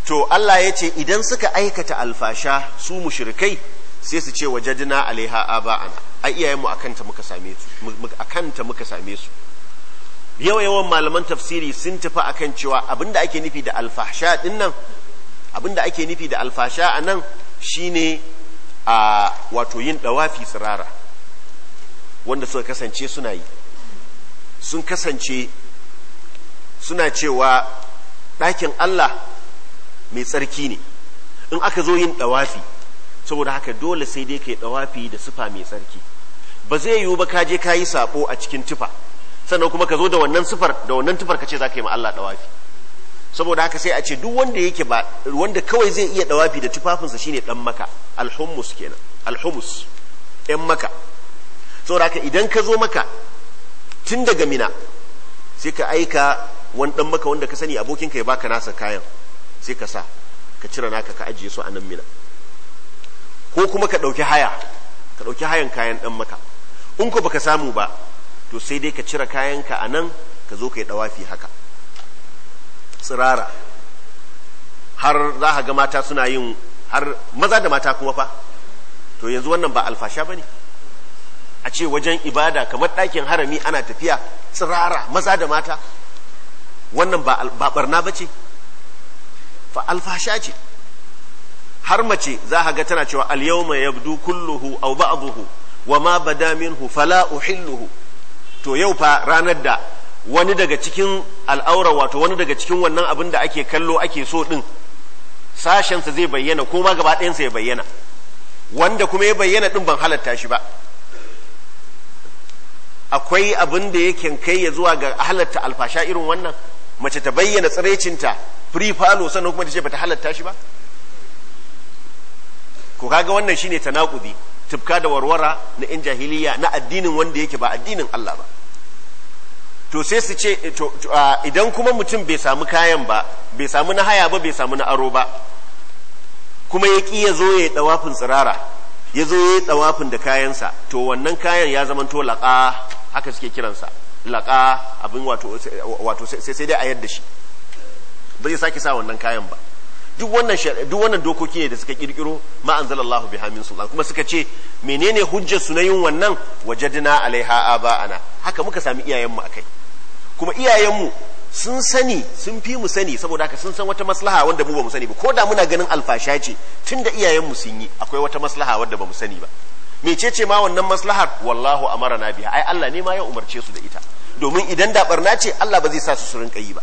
to Allah ya ce idan suka aikata alfasha su mushrikai sai su ce wajadna alaiha aba'ana ai iyayenmu akanta muka same su akanta muka same su yawa yawan malaman tafsiri sun tafi akan cewa abinda ake nufi da alfasha din nan abinda ake nufi da alfasha a nan shine a wato yin dawafi tsirara wanda suka kasance suna yi sun kasance suna cewa ɗakin Allah mai tsarki ne in aka zo yin dawafi saboda haka dole sai dai yi dawafi da sufa mai tsarki ba zai yiwu ba kaje ka yi sabo a cikin tufa sannan kuma ka zo da wannan sufar da wannan tufar ka ce za ka yi ma Allah dawafi saboda haka sai a ce duk wanda yake ba wanda kawai zai iya dawafi da tufafinsa shine dan maka alhumus kenan alhumus ɗan maka saboda haka idan ka zo maka tun daga mina sai ka aika wani dan maka wanda ka sani abokinka ya baka nasa kayan sai ka sa ka cire naka ka ajiye su a nan mina ko kuma ka ɗauki haya ka ɗauki hayan kayan ɗan maka in ko baka samu ba to sai dai ka cire kayanka a nan ka zo ka yi ɗawafi haka tsirara har za ka ga mata suna yin har maza da mata kuma fa to yanzu wannan ba alfasha ba ne a ce wajen ibada kamar ɗakin harami ana tafiya tsirara maza da mata wannan ba barna ba ce fa alfasha ce har mace za a ga tana cewa al yawma yabdu kulluhu aw ba'dahu wa ma bada minhu fala uhilluhu to yau fa ranar da wani daga cikin al'aura wato wani daga cikin wannan abin da ake kallo ake so din sashensa zai bayyana ko ma gaba ɗayansa ya bayyana wanda kuma ya bayyana din ban halatta shi ba akwai abin da yake kai ya zuwa ga halatta alfasha irin wannan mace ta bayyana tsiraicinta free fallo sannan kuma ta ce bata halatta shi ba ko kaga wannan shine tanakudi tufka da warwara na yan jahiliya na addinin wanda yake ba addinin Allah ba to sai su ce idan kuma mutum bai samu kayan ba bai samu na haya ba bai samu na aro ba kuma ya ki ya zo ya yi tsawafin tsirara ya zo ya yi tsawafin da kayansa to wannan kayan ya zama to laƙa haka suke kiransa laƙa abin wato sai dai a yadda shi bai sake sa wannan kayan ba duk wannan duk wannan dokoki ne da suka kirkiro ma anzalallahu biha min sultan kuma suka ce menene hujjar su na yin wannan wajadna alaiha aba'ana haka muka sami iyayen mu akai kuma iyayen mu sun sani sun fi mu sani saboda haka sun san wata maslaha wanda mu ba mu sani ba ko da muna ganin alfasha ce tunda iyayen mu sun yi akwai wata maslaha wanda ba mu sani ba ce ma wannan maslaha wallahu amarana biha ai Allah ne ma ya umarce su da ita domin idan da barna ce Allah ba zai sa su su rinka ba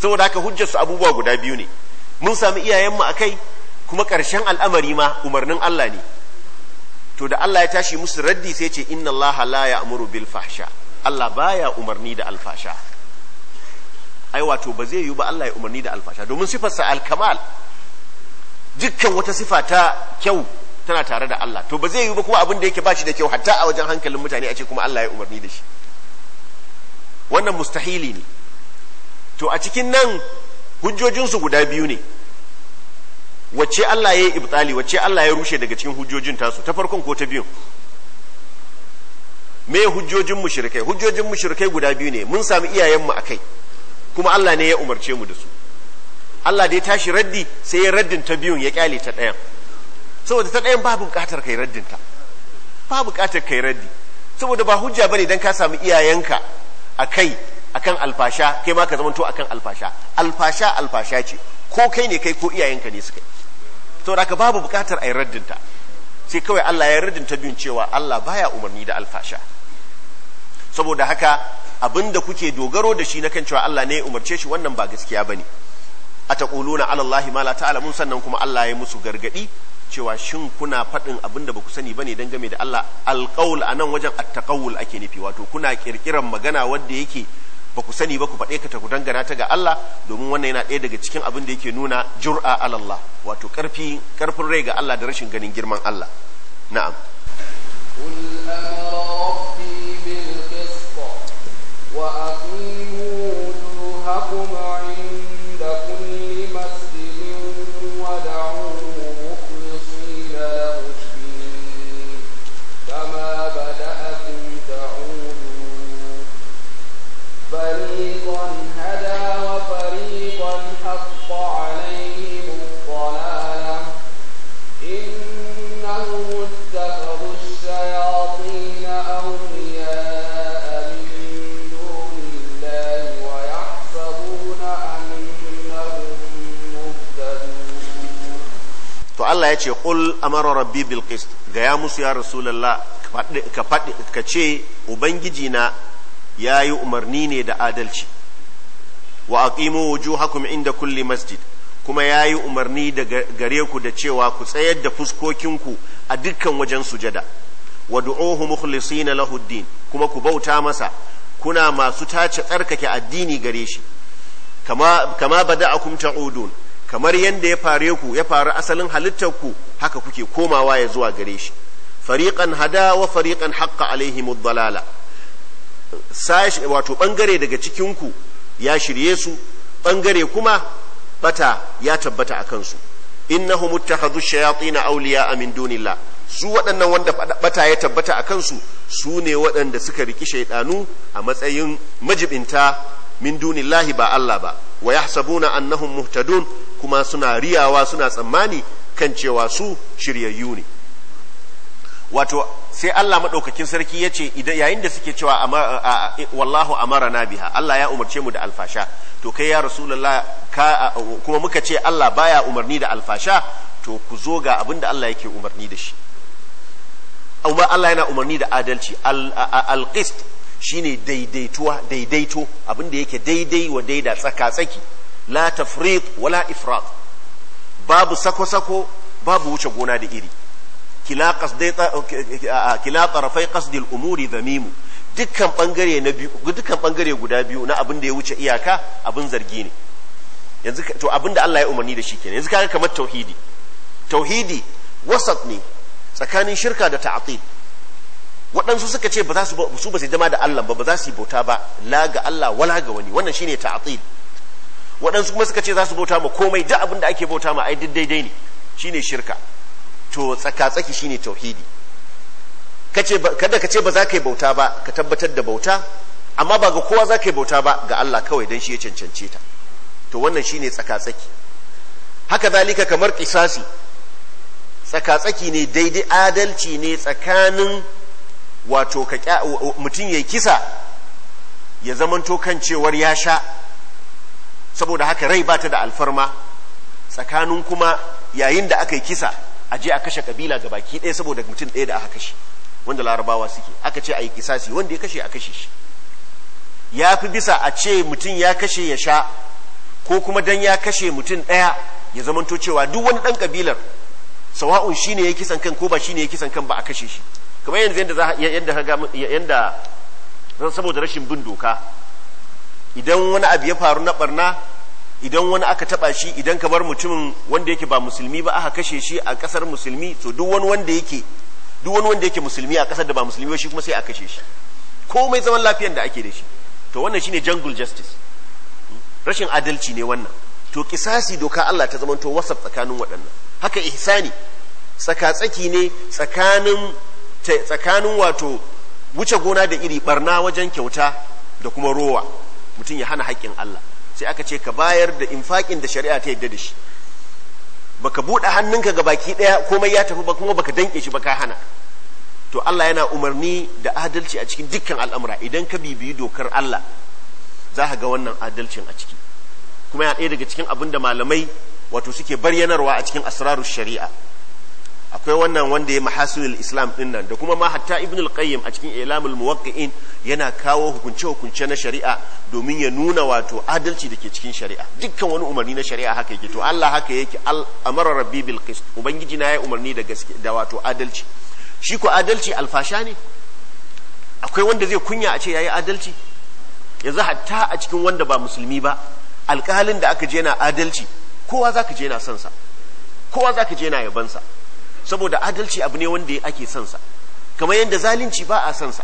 saboda haka hujjar su abubuwa guda biyu ne mun sami iyayenmu a kai kuma ƙarshen al'amari ma umarnin Allah ne to da Allah ya tashi musu raddi sai ce inna Allah la ya'muru bil fahsha Allah baya umarni da alfasha ai wato ba zai yi ba Allah ya umarni da alfasha domin al alkamal dukkan wata sifa ta kyau tana tare da Allah to ba zai yi ba kuma abin da yake ba shi da kyau hatta a wajen hankalin mutane a ce kuma Allah ya umarni da shi wannan mustahili ne to a cikin nan hujjojinsu guda biyu ne wacce Allah ya yi ibtali wacce Allah ya rushe daga cikin hujjojin tasu ta farkon ko ta biyun me hujjojin mushrikai hujjojin mushrikai guda biyu ne mun sami iyayenmu akai kuma Allah ne ya umarce mu da su Allah dai tashi raddi sai ya raddin ta biyun ya kyale ta ɗayan saboda ta ɗayan babu bukatar kai raddin ta babu bukatar kai raddi saboda ba hujja bane dan ka samu iyayenka akai akan alfasha kai ma ka zamanto akan alfasha alfasha alfasha ce ko kai ne kai ko iyayenka ne suka to da babu bukatar a yi raddinta sai kawai Allah ya raddinta bin cewa Allah baya umarni da alfasha saboda haka abinda kuke dogaro da shi na kan cewa Allah ne ya umarce shi wannan ba gaskiya bane ataquluna ala Allahi ma la ta'lamun sannan kuma Allah ya musu gargadi cewa shin kuna faɗin abin da ba sani bane dangane da Allah alƙaul a nan wajen attaqawul ake nufi wato kuna ƙirƙiran magana wadda yake ba ku sani ba ku faɗe ta ku dangana ta ga Allah domin wannan yana ɗaya daga cikin abin da yake nuna jur'a alallah wato ƙarfi ƙarfin rai ga Allah da rashin ganin girman Allah na'am amara rabbi bil qist ga ya musu ya rasulullah ka faɗi ka ce ubangiji na yayi umarni ne da adalci wa aqimu wujuhakum inda kulli masjid kuma yayi umarni da gare ku da cewa ku tsayar da fuskokinku a dukkan wajen sujada wa du'uhu mukhlisin lahu din kuma ku bauta masa kuna masu tace tsarkake addini gare shi kama kama bada'akum ta'udun kamar yadda ya fare ku ya faru asalin halittar ku haka kuke komawa ya zuwa gare shi fariƙan hada wa fariqan haqqa alaihi dalala wato bangare daga cikin ku ya shirye su bangare kuma bata ya tabbata a kansu innahum muttakhadhu shayatin awliya min dunillah su waɗannan wanda bata ya tabbata a kansu su ne waɗanda suka riki shaidanu a matsayin majibinta min dunillahi ba Allah ba wa yahsabuna annahum muhtadun kuma suna riyawa suna tsammani kan cewa su shiryayyu ne wato sai Allah maɗaukakin sarki ya ce yayin da suke cewa wallahu amara na biha Allah ya umarce mu da alfasha to kai ya rasulullah ka kuma muka ce Allah baya umarni da alfasha to ku zo ga abinda da Allah yake umarni da shi amma Allah yana umarni da adalci alqist shine daidaituwa daidaito abin yake daidai wa daida tsaka tsaki la tafrit wala ifrat babu sako-sako babu wuce gona da iri kila tarafai qasdil umuri dhamimu dukkan bangare na biyu dukkan bangare guda biyu na abin da ya wuce iyaka abin zargi ne yanzu to abin da Allah ya umarni da shi kenan yanzu kaga kamar tauhidi tauhidi wasat ne tsakanin shirka da ta'til waɗansu suka ce ba za su ba su ba su zama da Allah ba ba za su yi bauta ba la ga Allah wala ga wani wannan shine ta'til waɗansu kuma suka ce za su bauta ma komai duk abin da ake bauta ma ai duk daidai ne shine shirka to tsaka shine tauhidi kada ka ce ba za ka yi bauta ba ka tabbatar da bauta amma ba ga kowa za ka yi bauta ba ga Allah kawai dan shi ya cancance ta to wannan shine tsakatsaki. tsaki haka zalika kamar kisasi tsakatsaki tsaki ne daidai adalci ne tsakanin wato mutum yayi kisa ya zamanto kan cewar ya sha saboda haka rai ba ta da alfarma tsakanin kuma yayin da aka yi kisa a je a kashe kabila ga baki ɗaya saboda mutum ɗaya da aka kashe wanda larabawa suke aka ce a yi su, wanda ya kashe a kashe shi ya fi bisa a ce mutum ya kashe ya sha ko kuma dan ya kashe mutum ɗaya ya zamanto cewa duk wani ɗan kabilar sawa'un shi ne ya kisan kan ko ba shi ne ya kisan kan ba a kashe shi kamar yanzu yadda yadda saboda rashin bin doka idan wani abu ya faru na barna idan wani aka taba shi idan ka bar mutumin wanda yake ba musulmi ba aka kashe shi a kasar musulmi to duk wani wanda yake duk wani wanda yake musulmi a kasar da ba musulmi ba shi kuma sai a kashe shi komai zaman lafiyan da ake da shi to wannan shine jungle justice rashin adalci ne wannan to kisasi doka Allah ta zamanto wasa tsakanin waɗannan haka ihsani tsaka tsaki ne tsakanin tsakanin wato wuce gona da iri barna wajen kyauta da kuma rowa mutum ya hana haƙƙin Allah sai aka ce ka bayar da infaƙin da shari'a ta yadda da shi baka buɗe hannunka ga baki ɗaya komai ya tafi ba kuma baka danƙe shi ba ka hana to Allah yana umarni da adalci a cikin dukkan al'amura idan ka bibiyi dokar Allah za ka ga wannan adalcin a ciki kuma ya ɗaya daga cikin abin da malamai wato suke bayyanarwa a cikin asrarus shari'a akwai wannan wanda ya mahasilul islam din nan da kuma ma hatta ibnul qayyim a cikin ilamul muwaqqi'in yana kawo hukunce hukunce na shari'a domin ya nuna wato adalci da cikin shari'a dukkan wani umarni na shari'a haka yake to Allah haka yake al amara rabbi bil qist ubangiji na ya umarni da gaske da wato adalci shi ko adalci alfasha ne akwai wanda zai kunya a ce yayi adalci yanzu hatta a cikin wanda ba musulmi ba alƙalin da aka je na adalci kowa zaka je na son sa kowa zaka je na yabansa saboda adalci abu ne wanda ake son sa kamar yadda zalunci ba a son sa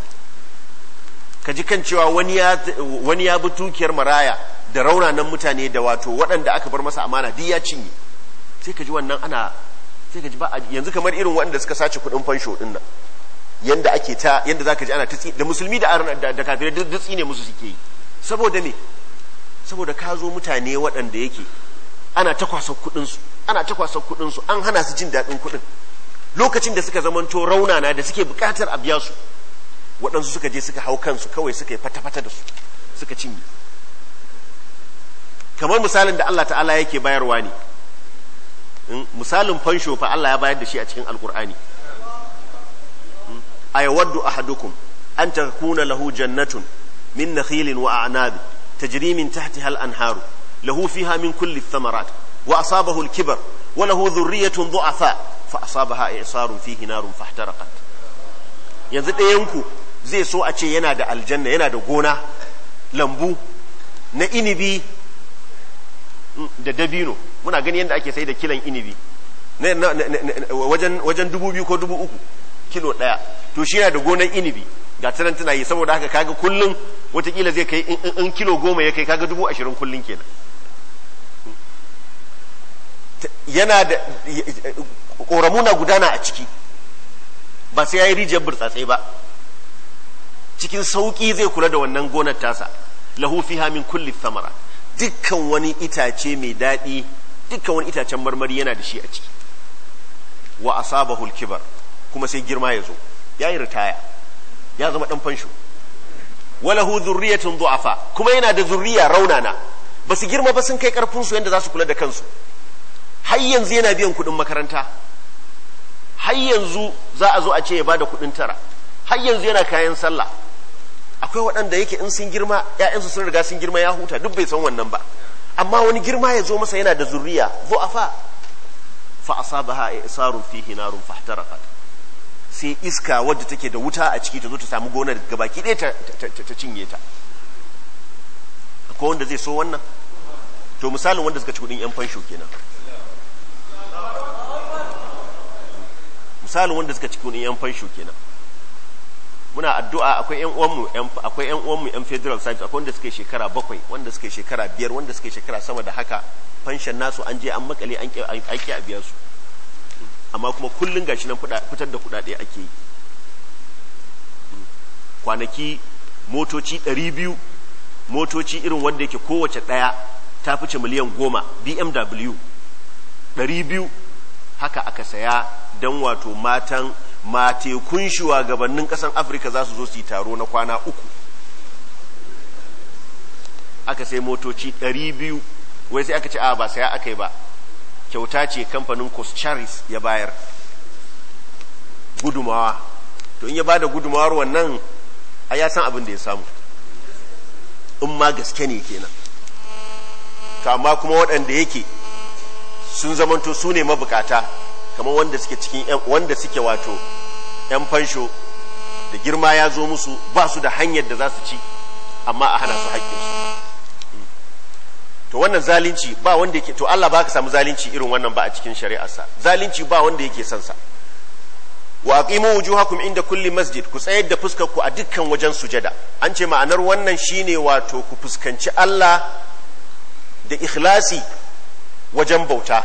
ka ji kan cewa wani ya bi tukiyar maraya da raunanan mutane da wato waɗanda aka bar masa amana duk ya cinye sai ka ji wannan ana sai ka ji ba yanzu kamar irin waɗanda suka sace kuɗin fansho ɗin nan yanda ake ta yanda ka ji ana ta da musulmi da da kafirai duk ne musu suke yi saboda me saboda ka zo mutane waɗanda yake ana ta kwasar kuɗinsu ana ta kwasar kuɗinsu an hana su jin daɗin kuɗin lokacin da suka zamanto raunana da suke bukatar a biya su waɗansu suka je suka hau kansu kawai suka yi fata-fata da su suka cinye kamar misalin da Allah ta'ala yake bayarwa ne hmm, misalin fansho fa Allah ya bayar da shi a cikin alkur'ani hmm, ayawaddu ahadukum an takuna lahu jannatun min nakhilin wa a'nab tajrimin min tahtiha al-anharu lahu fiha min kulli ath-thamarat wa asabahu al-kibar وله ذرية ضعفاء فأصابها إعصار فيه نار فاحترقت yanzu ɗayanku zai so a ce yana da aljanna yana da gona lambu na inibi da dabino muna gani yadda ake sai da kilan inibi wajen dubu biyu ko dubu uku kilo ɗaya to shi yana da gonan inibi ga tana tana yi saboda haka kaga kullum watakila zai kai in kilo goma ya kai kaga dubu ashirin kullum kenan yana da ƙoramu na gudana a ciki ba sai ya yi rijiyar burtsatsai ba cikin sauƙi zai kula da wannan gonar tasa lahu fi min kulli thamara dukkan wani itace mai daɗi dukkan wani itacen marmari yana da shi a ciki wa asabahul kibar kuma sai girma ya zo ya yi ritaya ya zama ɗan fansho walahu zurriyatun fa kuma yana da zurriya raunana ba su girma ba sun kai ƙarfinsu yadda za su kula da kansu har yanzu yana biyan kuɗin makaranta har yanzu za a zo a ce ya bada kuɗin tara har yanzu yana kayan sallah akwai waɗanda yake in sun girma su sun riga sun girma ya huta duk bai san wannan ba amma wani girma ya zo masa yana da zuriya fa fa asabaha isarun fihi narun fahtaraqat sai iska wadda take da wuta a ciki ta zo ta samu gonar gabaki ɗaya ta cinye ta akwai wanda zai so wannan to misalin wanda suka ci kuɗin yan fansho kenan misalin wanda suka cikin yan fansho kenan muna addu'a akwai yan uwanmu akwai yan uwanmu yan federal service akwai wanda suke shekara bakwai wanda suke shekara biyar wanda suke shekara sama da haka fanshan nasu an je an makale an aiki a biya su amma kuma kullun gashi nan fitar da kudade ake yi kwanaki motoci 200 motoci irin wanda yake kowace daya ta fice miliyan goma bmw 200 haka aka saya don wato matan matekun shugabannin ƙasar afirka za su zo su yi taro na kwana uku aka sai motoci 200 wai sai aka ce a ba saya aka yi ba kyauta ce kamfanin coscharis ya bayar gudumawa to in ya bada gudumawar wannan a ya san abin da ya samu in ma gaske ne kenan to amma kuma waɗanda yake sun zamanto su ne mabukata kamar wanda suke cikin wanda suke wato yan fansho da girma ya zo musu ba su da hanyar da za su ci amma a hana su haƙƙinsu to wannan zalunci ba wanda yake to Allah ba samu zalunci irin wannan ba a cikin shari'arsa zalunci ba wanda yake son sa wa aqimu wujuhakum inda kulli masjid ku tsayar da fuskar ku a dukkan wajen sujada an ce ma'anar wannan shine wato ku fuskanci Allah da ikhlasi wajen bauta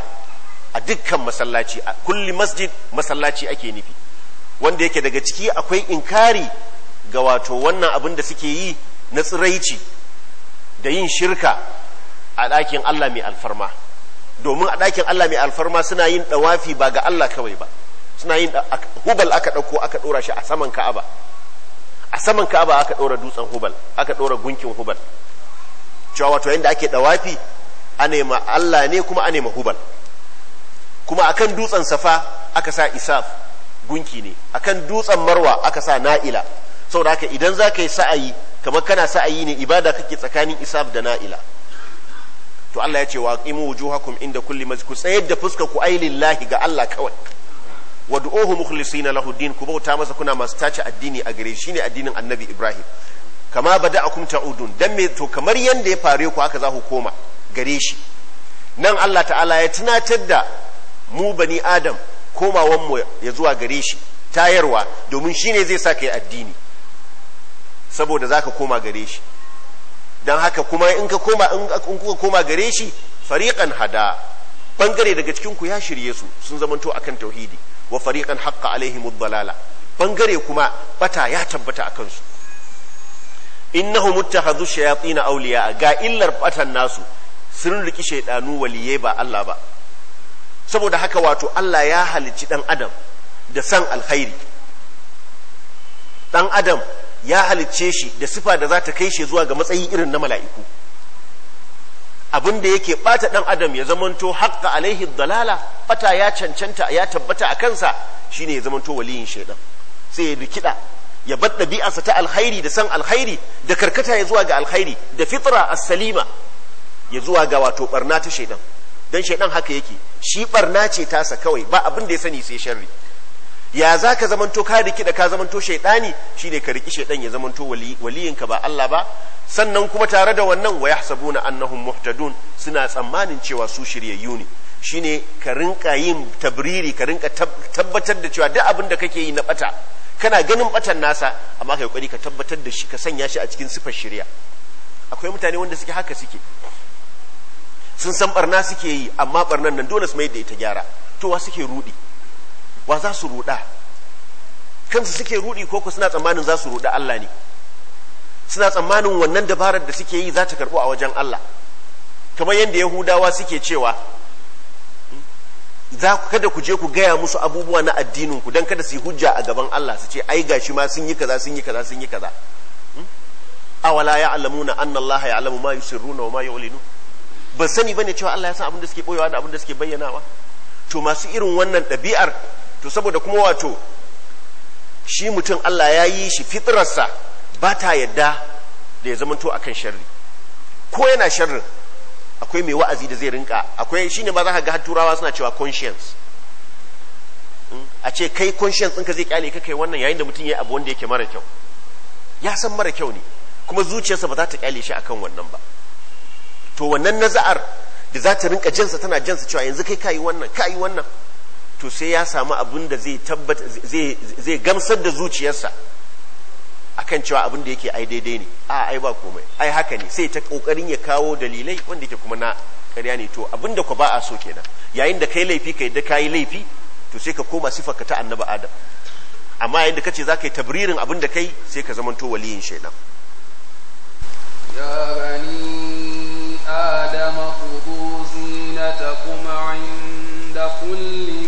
a dukkan masallaci a kulli masjid masallaci ake nufi wanda yake daga ciki akwai inkari ga wato wannan abin da suke yi na tsiraici da yin shirka a ɗakin Allah mai alfarma domin a ɗakin Allah mai alfarma suna yin ɗawafi ba ga Allah kawai ba suna yin hubal aka ɗauko aka ɗora shi a saman ka'aba a saman ka'aba aka ɗora dutsen hubal aka ɗora gunkin hubal cewa wato yadda ake ɗawafi a nema Allah ne kuma a nema hubal kuma akan dutsen safa aka sa isaf gunki ne akan dutsen marwa aka sa na'ila saboda haka idan za ka yi sa'ayi kamar kana sa'ayi ne ibada kake tsakanin isaf da na'ila to Allah ya ce wa aqimu wujuhakum inda kulli masjid ku tsayar da fuska ku ai lillahi ga Allah kawai wad'uhu mukhlisina lahu din ku bauta masa kuna masu tace addini a gare shi ne addinin Annabi Ibrahim kama bada'akum ta'udun dan me to kamar yanda ya fare ku haka za ku koma gare shi nan Allah ta'ala ya tunatar da mu bani adam komawan mu ya zuwa gare shi tayarwa domin shi ne zai sa ka yi addini saboda zaka koma gare shi dan haka kuma in ka koma in kuka koma gare shi fariƙan hada bangare daga cikin ku ya shirye su sun zamanto kan tauhidi wa fariƙan haqqa alaihi mudbalala bangare kuma bata ya tabbata akan su ya muttakhadhu shayatin awliya ga illar batan nasu sun riki shaydanu waliyai ba Allah ba saboda haka wato Allah ya halicci ɗan adam da san alkhairi dan adam ya halicce shi da sifa da za ta kai shi zuwa ga matsayi irin na mala'iku abin da yake bata ɗan adam ya zamanto a alaihi dalala bata ya cancanta ya tabbata a kansa shine ya zamanto waliyin shaidan sai ya rikida ya bar ɗabi'arsa ta alkhairi da san alkhairi da karkata ya zuwa ga alkhairi da fitra as-salima ya zuwa ga wato barna ta shaidan dan shaidan haka yake shi barna ce tasa kawai ba abin da ya sani sai sharri ya za ka zamanto ka riki da ka zamanto shaidani ne ka riki shaidan ya zamanto waliyinka ba Allah ba sannan kuma tare da wannan wa yahsabuna annahum muhtadun suna tsammanin cewa su shiryayyu ne shine ka rinka yin tabriri ka rinka tabbatar da cewa duk abin da kake yi na bata kana ganin batan nasa amma kai kokari ka tabbatar da shi ka sanya shi a cikin sifar shirya akwai mutane wanda suke haka suke sun san barna suke yi amma barnan nan dole su mai da ita gyara to wa suke rudi wa za su ruda kansu suke rudi ko suna tsammanin za su ruda Allah ne suna tsammanin wannan dabarar da suke yi za ta karbu a wajen Allah kamar yadda yahudawa suke cewa hmm? za ku kada ku je ku gaya musu abubuwa na addinin ku dan kada su yi hujja a gaban Allah su ce ai gashi ma sun yi kaza sun yi kaza sun yi kaza hmm? awala ya'lamuna anna Allah ya'lamu ma yusirruna wa ma yu'linu ba sani bane cewa Allah ya san abin da suke boyewa da abin da suke bayyanawa to masu irin wannan dabi'ar to saboda kuma wato shi mutum Allah ya yi shi fitrarsa ba ta yadda da ya zamanto akan sharri ko yana sharrin akwai mai wa'azi da zai rinka akwai shine ba za ka ga turawa suna cewa conscience hmm? a ce kai conscience ɗinka zai kyale ka kai wannan yayin da mutum ya abu wanda yake mara kyau ya san mara kyau ne kuma zuciyarsa ba za ta kyale shi akan wannan ba to wannan naza'ar da za ta rinka jansa tana jansa cewa yanzu kai kayi wannan kayi wannan to sai ya samu abin da zai tabbata zai gamsar da zuciyarsa akan cewa abin da yake ai daidai ne a ai ba komai ai haka ne sai ta kokarin ya kawo dalilai wanda yake kuma na ƙarya ne to abin da ku ba a so kenan yayin da kai laifi kai da kai laifi to sai ka koma sifar ka ta annabi adam amma yayin da kace zaka yi tabririn abin da kai sai ka zamanto waliyin shaidan ya bani آدم خذوا زينتكم عند كل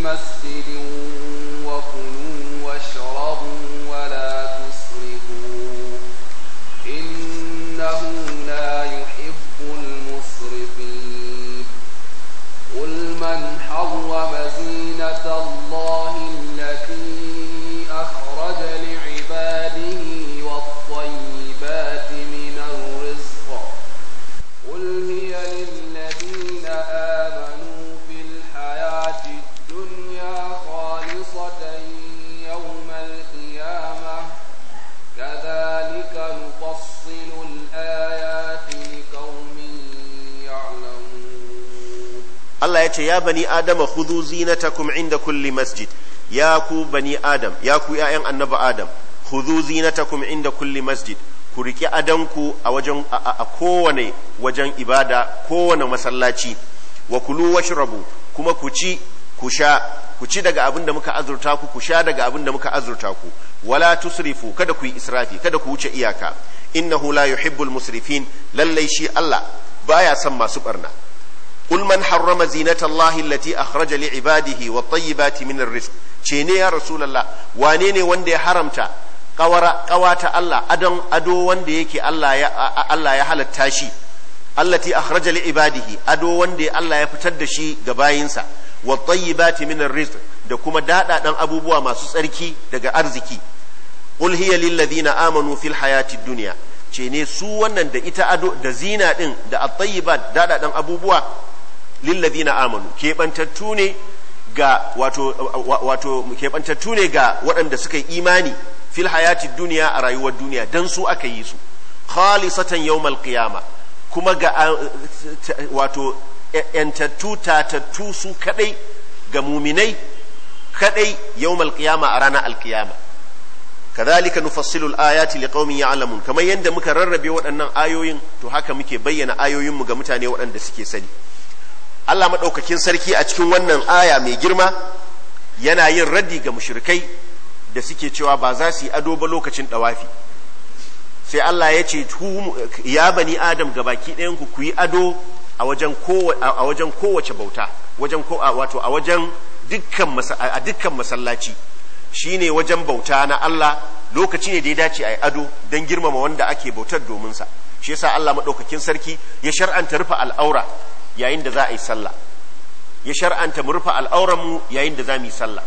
bani adama khudhu zinatakum inda kulli masjid ya ku bani adam ya ku yayan annabi adam khudhu zinatakum inda kulli masjid ku riki adanku a wajen a kowane wajen ibada kowane masallaci wa kulu washrabu kuma ku ci ku sha ku ci daga abin da muka azurta ku ku sha daga abin da muka azurta ku wala tusrifu kada ku yi israfi kada ku wuce iyaka innahu la yuhibbul musrifin lallai shi Allah baya son masu barna قل من حرم زينة الله التي أخرج لعباده والطيبات من الرزق شيني يا رسول الله وانيني وندي حرمتا قورا قواتا الله أدن أدو وندي يكي الله يا الله يا حال التاشي التي أخرج لعباده أدو وندي الله يفتد شي قباينسا والطيبات من الرزق da kuma daɗaɗan abubuwa masu tsarki daga arziki qul hiya lillazina amanu fil hayati dunya ce ne su wannan da ita ado da zina din da at-tayyibat daɗaɗan abubuwa lillazina amanu keɓantattu ne ga wato wato keɓantattu ne ga waɗanda suka yi imani fil hayati duniya a rayuwar duniya dan su aka yi su khalisatan yawmal qiyama kuma ga wato yantattu tatattu su kadai ga muminai kadai yawmal qiyama a ranar alkiyama kadhalika nufassilu al-ayati liqaumin ya'lamun kamar yanda muka rarrabe waɗannan ayoyin to haka muke bayyana ayoyin mu ga mutane waɗanda suke sani Allah maɗaukakin sarki a cikin wannan aya mai girma yana yin raddi ga mushrikai da suke cewa ba za su yi ado ba lokacin ɗawafi sai Allah ya ce ya bani adam ga baki ɗayanku ku yi ado a wajen kowace bauta wajen ko wato a wajen dukkan masallaci shine wajen bauta na Allah lokaci ne da ya dace a yi ado don girmama wanda ake bautar domin sa shi yasa Allah maɗaukakin sarki ya shar'anta rufe al'aura yayin da za a yi sallah ya shar'anta mu rufe al'auranmu yayin da za mu yi sallah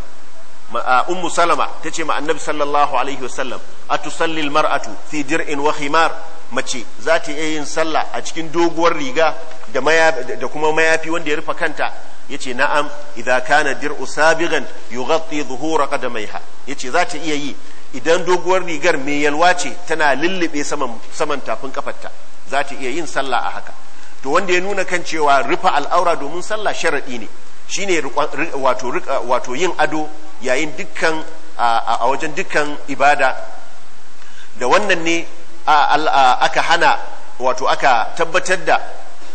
ummu salama ta ce ma annabi sallallahu alaihi wasallam atusalli mar'atu fi dir'in wa khimar mace za ta iya yin sallah a cikin doguwar riga da da kuma mayafi wanda ya rufe kanta yace na'am idza kana dir'u sabighan yughatti dhuhura qadamaiha yace za ta iya yi idan doguwar rigar mai yalwa ce tana lullube saman saman tafin kafarta za ta iya yin sallah a haka to wanda ya nuna kan cewa rufa al'aura domin sallah sharaɗi ne shine wato wato yin ado yayin dukkan a wajen dukkan ibada da wannan ne aka hana wato aka tabbatar da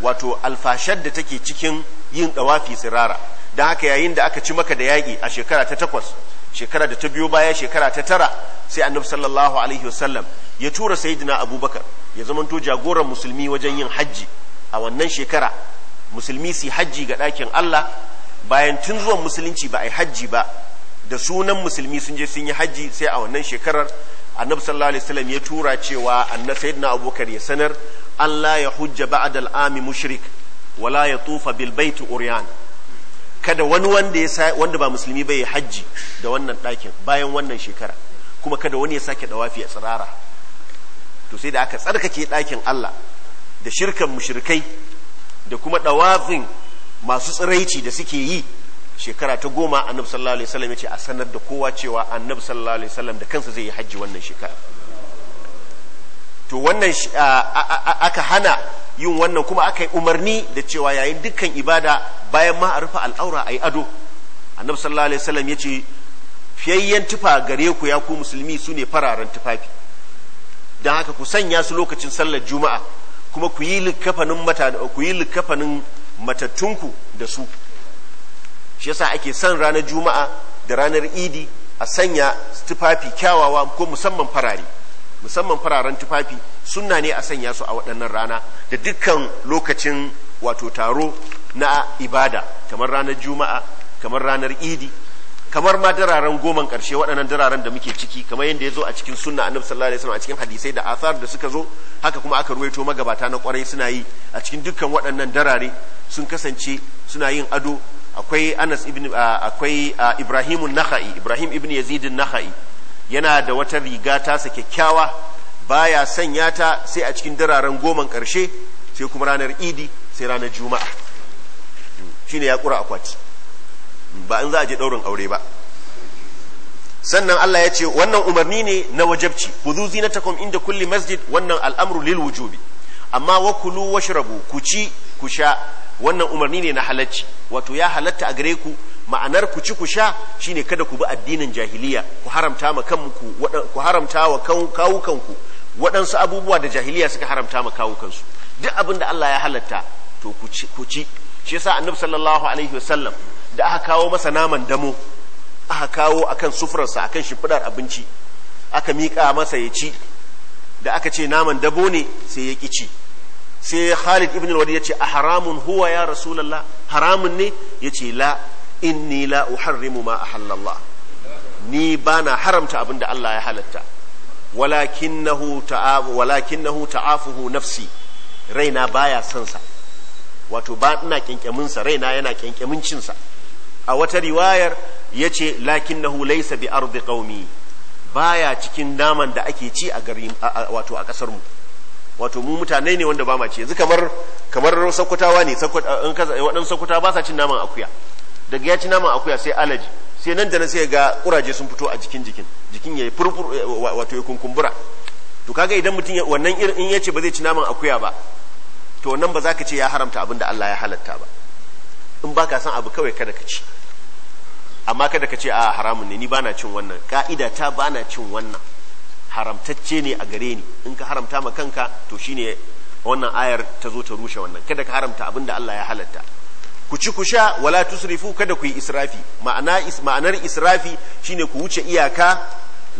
wato alfashar da take cikin yin dawafi tsirara don haka yayin da aka ci maka da yaƙi a shekara ta takwas shekara da ta biyo baya shekara ta tara sai annabi sallallahu alaihi wasallam ya tura sayyidina abubakar ya zamanto jagoran musulmi wajen yin hajji a wannan shekara musulmi su hajji ga ɗakin Allah bayan tun zuwan musulunci ba a yi hajji ba da sunan musulmi sun je sun yi hajji sai a wannan shekarar annabi sallallahu alaihi wasallam ya tura cewa annabi sayyidina abubakar ya sanar Allah ya hujja ba'da al-ami mushrik wala ya tufa bil bait uryan kada wani wanda ya wanda ba musulmi bai hajji da wannan ɗakin bayan wannan shekara kuma kada wani ya sake dawafi a tsirara to sai da aka tsarkake ɗakin Allah da shirkan mushrikai da kuma ɗawafin masu tsiraici da suke yi shekara ta goma annabi sallallahu alaihi wasallam yace a sanar da kowa cewa annabi sallallahu alaihi wasallam da kansa zai yi hajji wannan shekara to wannan aka hana yin wannan kuma aka yi umarni da cewa yayin dukkan ibada bayan ma a rufe al'aura a yi ado annabi sallallahu alaihi wasallam yace fiyayyen tufa gare ku ya ku musulmi su ne fararen tufafi don haka ku sanya su lokacin sallar juma'a kuma ku yi likkafanin mata ku matattunku da su shi yasa ake son ranar juma'a da ranar idi a sanya tufafi kyawawa ko musamman farare musamman fararen tufafi sunna ne a sanya su a waɗannan rana da dukkan lokacin wato taro na ibada kamar ranar juma'a kamar ranar idi kamar ma dararen goman karshe waɗannan dararen da muke ciki kamar yadda ya zo a cikin sunna annabi sallallahu alaihi wasallam a cikin hadisai da asar da suka zo haka kuma aka ruwaito magabata na kwarai suna yi a cikin dukkan waɗannan darare sun kasance suna yin ado akwai Anas ibn akwai ibrahimun nakhai Ibrahim ibn Yazid nakhai yana da wata riga tasa kyakkyawa baya sanya ta sai a cikin dararen goman karshe sai kuma ranar Idi sai ranar Juma'a hmm. shine ya kura akwati ba in za a je ɗaurin aure ba sannan Allah ya ce wannan umarni ne na wajabci khudhu zinatakum inda kulli masjid wannan al'amru lil wujubi amma wa kulu washrabu ku ci ku sha wannan umarni ne na halacci wato ya halatta a gare ku ma'anar ku ci ku sha shine kada ku bi addinin jahiliya ku haramta ma kanku ku haramta wa kawukanku waɗansu abubuwa da jahiliya suka haramta ma kawukansu duk abin da Allah ya halatta to ku ci shi yasa annabi sallallahu alaihi wasallam da aka kawo masa naman damo aka kawo akan sufurarsa akan shimfidar abinci aka miƙa masa ya ci da aka ce naman dabo ne sai ya ƙi ci sai Khalid ibn al-Walid yace a haramun huwa ya rasulullah haramun ne yace la inni la uharrimu ma ahallallah ni bana haramta da Allah ya halatta walakinahu ta'afu walakinahu ta'afuhu nafsi raina baya son sa wato ba ina kinkemin sa raina yana kinkemin cin sa a wata riwayar ya ce lakinnahu laysa bi ardi Ba ya cikin naman da ake ci a gari wato a kasar mu wato mu mutane ne wanda ba ma ci yanzu kamar kamar sakkwatawa ne eh, waɗansu sakkwata ba sa cin naman akuya daga ya ci naman akuya sai alaji sai nan da nan sai ga ƙuraje sun fito a jikin jikin jikin ya yi furfur eh, wato ya kunkumbura to kaga idan mutum wannan irin in ya ce ba zai ci naman akuya ba to nan ba za ka ce ya haramta abin da Allah ya halatta ba in ba ka san abu kawai kada ka ci amma kada ka ce a haramun ne ni bana cin wannan ka'ida ta bana cin wannan haramtacce ne a gare ni in ka haramta ma kanka to shine wannan ayar ta zo ta rushe wannan kada ka haramta abin da Allah ya halatta ku ci ku sha wala tusrifu kada ku yi israfi ma'ana ma'anar israfi shine ku wuce iyaka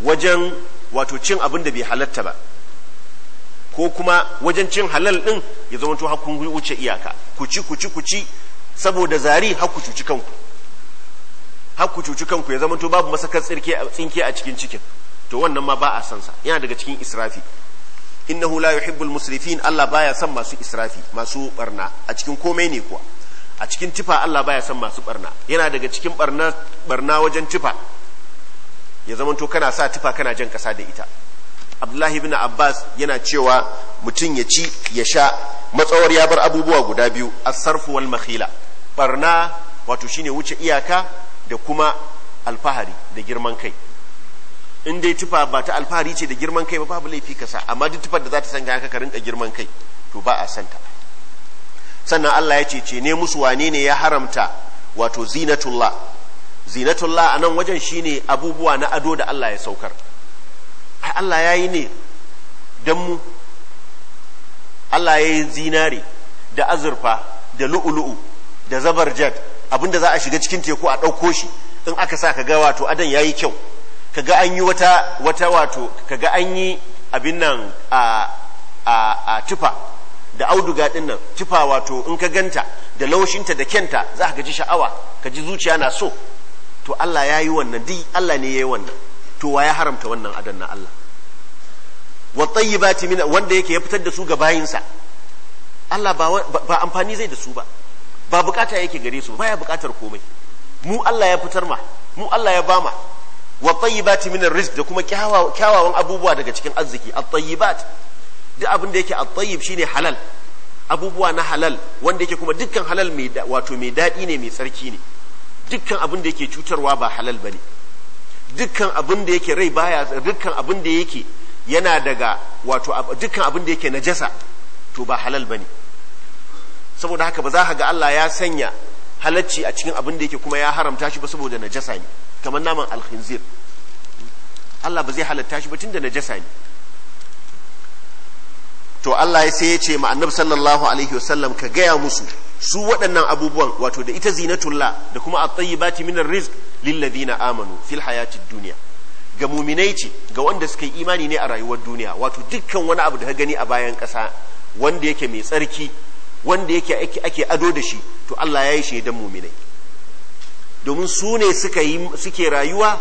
wajen wato cin abin da bai halatta ba ko kuma wajen cin halal din ya zama to kun wuce iyaka ku ci ku ci ku ci saboda zari har cuci kanku har cuci kanku ya zama to babu masakar tsirke tsinke a cikin cikin to wannan ma ba a san yana daga cikin israfi innahu la yuhibbul musrifin Allah baya son masu israfi masu barna a cikin komai ne kuwa a cikin tifa Allah baya son masu barna yana daga cikin barna barna wajen tifa ya zama to kana sa tifa kana jan kasa da ita Abdullahi ibn Abbas yana cewa mutum ya ci ya sha matsawar ya bar abubuwa guda biyu as-sarfu wal makhila barna wato shine wuce iyaka da kuma alfahari da girman kai in dai tufa ba ta alfahari ce da girman kai ba babu laifi kasa sa amma duk tufar da za ta san haka ka rinka girman kai to ba a santa sannan Allah ya ce ce ne musu wane ne ya haramta wato zinatullah zinatullah a nan wajen shine abubuwa na ado da Allah ya saukar Allah ya yi ne don mu Allah ya yi zinare da azurfa da lu'ulu'u da abin da za a shiga cikin teku a ɗauko shi in aka sa kaga wato adan yayi kyau kaga an yi wata wata wato kaga an yi abin nan a a a tufa da auduga din nan tufa wato in ka ganta da laushinta da kenta, za ka ji sha'awa ka ji zuciya na so to Allah ya yi wannan duk Allah ne ya yi wannan to wa ya haramta wannan adan na Allah wa tayyibati min wanda yake ya fitar da su ga bayinsa Allah ba ba amfani zai da su ba ba bukata yake gare su ba ya bukatar komai mu Allah ya fitar ma mu Allah ya bama wa tayyibati min rizq da kuma kyawawan abubuwa daga cikin arziki at-tayyibat duk abin da yake at-tayyib shine halal abubuwa na halal wanda yake kuma dukkan halal mai wato mai dadi ne mai tsarki ne dukkan abin da yake cutarwa ba halal bane dukkan abin da yake rai baya dukkan abin da yake yana daga wato dukkan abin da yake najasa to ba halal bane saboda haka ba za ka ga Allah ya sanya halacci a cikin abin da yake kuma ya haramta shi ba saboda najasa ne kamar naman alkhinzir Allah ba zai halatta shi ba tunda najasa ne to Allah ya sai ya ce ma annabi sallallahu alaihi wasallam ka gaya musu su waɗannan abubuwan wato da ita zinatullah da kuma at-tayyibati minar rizq na amanu fil hayatid dunya ga muminai ce ga wanda suka yi imani ne a rayuwar duniya wato dukkan wani abu da ka gani a bayan ƙasa wanda yake mai tsarki wanda yake ake ado da shi to Allah ya yi shaidan muminai domin su ne suke rayuwa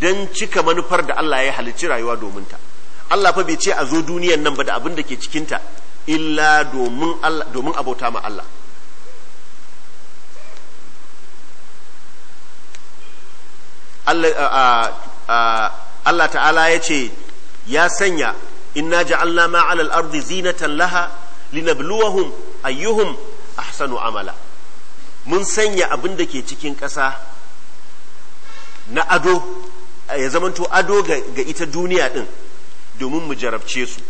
don cika manufar da Allah ya halicci rayuwa domin ta Allah fa bai ce a zo duniyan nan ba da abin da ke cikinta illa domin abota ma Allah Allah ta'ala ya ce ya sanya inna ja'alna ma 'alal ardi zinatan laha linabluwahum ayyuhum ahsanu amala mun sanya abin da ke cikin ƙasa na ado ya zamanto ado ga ita duniya ɗin domin mu jarabce su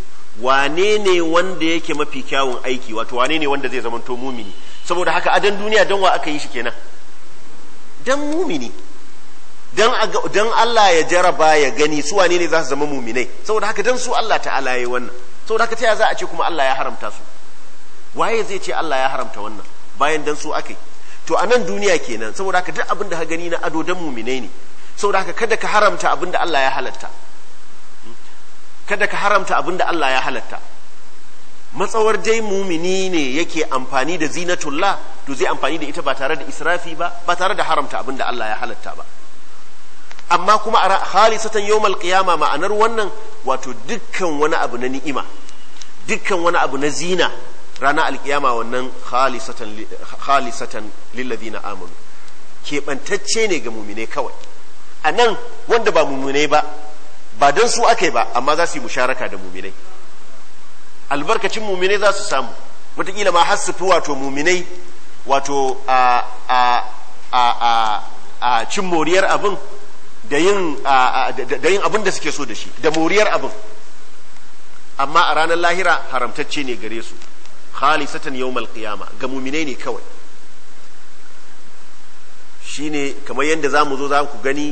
wane ne wanda yake mafi kyawun aiki wato wane ne wanda zai zamanto mumini saboda haka adon duniya don wa aka yi shi kenan don mumini don Allah ya jaraba ya gani su wane ne za su zama muminai saboda haka don su Allah ta'ala ya yi wannan saboda haka ta za a ce kuma Allah ya haramta su waye zai ce Allah ya haramta wannan bayan dan su akai to a nan duniya kenan saboda haka duk abin da ka gani na ado dan muminai ne saboda haka kada ka haramta abin da Allah ya halatta kada ka haramta abin da Allah ya halatta matsawar dai mumini ne yake amfani da zinatullah to zai amfani da ita ba tare da israfi ba ba tare da haramta abin da Allah ya halatta ba amma kuma a halisatan yau qiyama ma'anar wannan wato dukkan wani abu na ni'ima dukkan wani abu na zina rana alkiyama wannan khalisatan na amanu keɓantacce ne ga mumine kawai a nan wanda ba mumine ba ba don su aka yi ba amma za su yi musharaka da muminai albarkacin muminai za su samu wataƙila ma har su fi wato muminai wato a a a a cin moriyar abin da yin da yin abin da suke so da shi da moriyar abin amma a ranar lahira haramtacce ne gare su khalisatan yawmal qiyama ga mu'minai ne kawai shine kamar yadda zamu zo za ku gani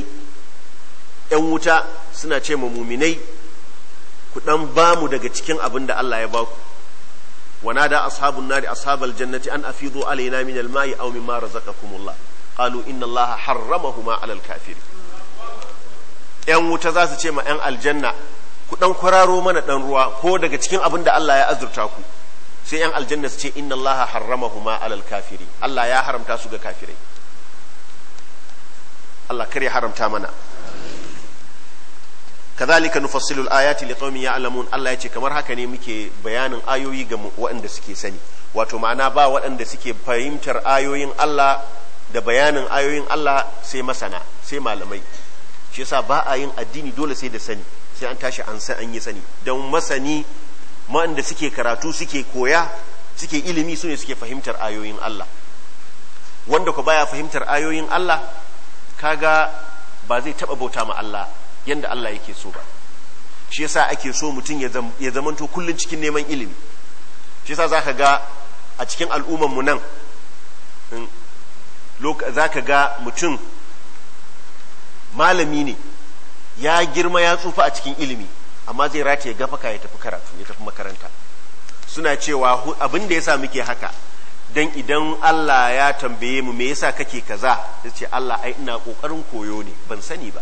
yan wuta suna ce ma mu'minai ku dan mu daga cikin abin da Allah ya ba ku ونادى أصحاب النار أصحاب الجنة أن أفيضوا علينا من الماء أو مما رزقكم الله inna Allah الله حرمهما alal kafir ‘yan wuta za su ce ma ‘yan aljanna ku dan kwararo mana ɗan ruwa ko daga cikin abin da Allah ya azurta ku sai yan aljanna su ce inna Allah huma alal kafiri Allah ya haramta su ga kafirai Allah kare haramta mana kazalika nufassilu al-ayati liqaumin ya'lamun Allah ya ce kamar haka ne muke bayanin ayoyi ga waɗanda suke sani wato ma'ana ba waɗanda suke fahimtar ayoyin Allah da bayanin ayoyin Allah sai masana sai malamai shi yasa ba a yin addini dole sai da sani sai an tashi an san an yi sani don masani waɗanda suke karatu suke koya suke ilimi su ne suke fahimtar ayoyin Allah wanda ku baya fahimtar ayoyin Allah kaga ba zai taba bauta ma Allah yadda Allah yake so ba shi yasa ake so mutum ya zamanto kullum cikin neman ilimi shi yasa zaka ga a cikin al'umman mu nan zaka ga mutum malami ne ya girma ya tsufa a cikin ilimi amma zai rataye gafaka ya tafi karatu ya tafi makaranta suna cewa abin da yasa muke haka dan idan Allah ya tambaye mu me yasa kake kaza yace Allah ai ina kokarin koyo ne ban sani ba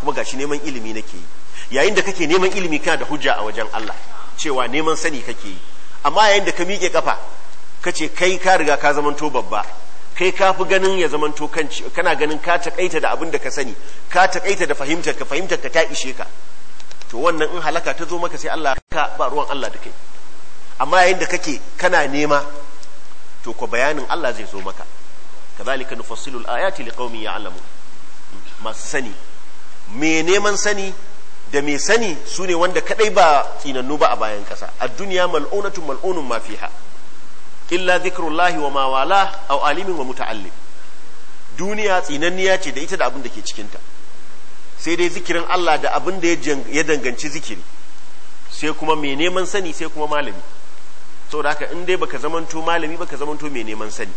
kuma gashi neman ilimi nake yi yayin da kake neman ilimi kana da hujja a wajen Allah cewa neman sani kake yi amma yayin da ka miƙe kafa kace kai ka riga ka zamanto babba kai ka fi ganin ya zamanto kana ganin ka takaita da abin da ka sani ka takaita da fahimtar ka fahimtar ka ta ishe ka to wannan in halaka ta zo maka sai Allah ka ba ruwan Allah da kai amma yayin da kake kana nema to ko bayanin Allah zai zo maka kazalika nufassilu al-ayati liqaumin ya'lamu masu sani me neman sani da me sani sune wanda kadai ba tsinannu ba a bayan kasa ad-dunya mal'unatun mal'unun ma fiha illa zikrullahi wa ma wala aw alimin wa muta'allim duniya tsinanniya ce da ita da abin da ke cikinta sai dai zikirin Allah da abin da ya danganci zikiri sai kuma mai neman sani sai kuma malami da haka in dai baka zamanto malami baka zamanto mai neman sani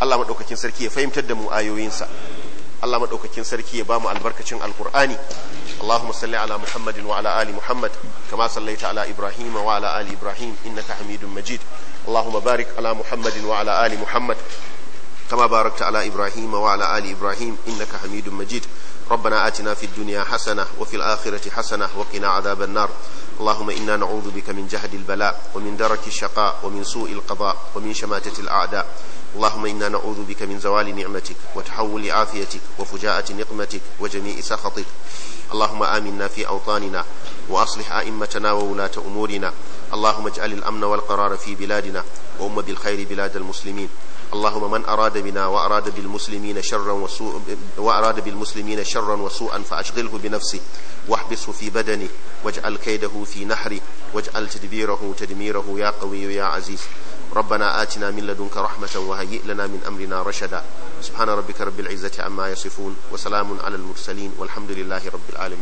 Allah maɗaukakin sarki ya fahimtar da mu ayoyinsa Allah maɗaukakin sarki ya ba mu albarkacin alkur'ani Allahumma salli ala Muhammadin wa ala ali Muhammad kama sallaita ala Ibrahim wa ala ali Ibrahim innaka Hamidum Majid Allahumma barik ala Muhammadin wa ala ali Muhammad كما باركت على إبراهيم وعلى آل إبراهيم إنك حميد مجيد ربنا آتنا في الدنيا حسنة وفي الآخرة حسنة وقنا عذاب النار اللهم إنا نعوذ بك من جهد البلاء ومن درك الشقاء ومن سوء القضاء ومن شماتة الأعداء اللهم إنا نعوذ بك من زوال نعمتك وتحول عافيتك وفجاءة نقمتك وجميع سخطك اللهم آمنا في أوطاننا وأصلح أئمتنا وولاة أمورنا اللهم اجعل الأمن والقرار في بلادنا وأم بالخير بلاد المسلمين اللهم من أراد بنا وأراد بالمسلمين شرا وسوء وأراد بالمسلمين شرا وسوءا فأشغله بنفسه واحبسه في بدنه واجعل كيده في نحره واجعل تدبيره تدميره يا قوي يا عزيز ربنا آتنا من لدنك رحمة وهيئ لنا من أمرنا رشدا سبحان ربك رب العزة عما يصفون وسلام على المرسلين والحمد لله رب العالمين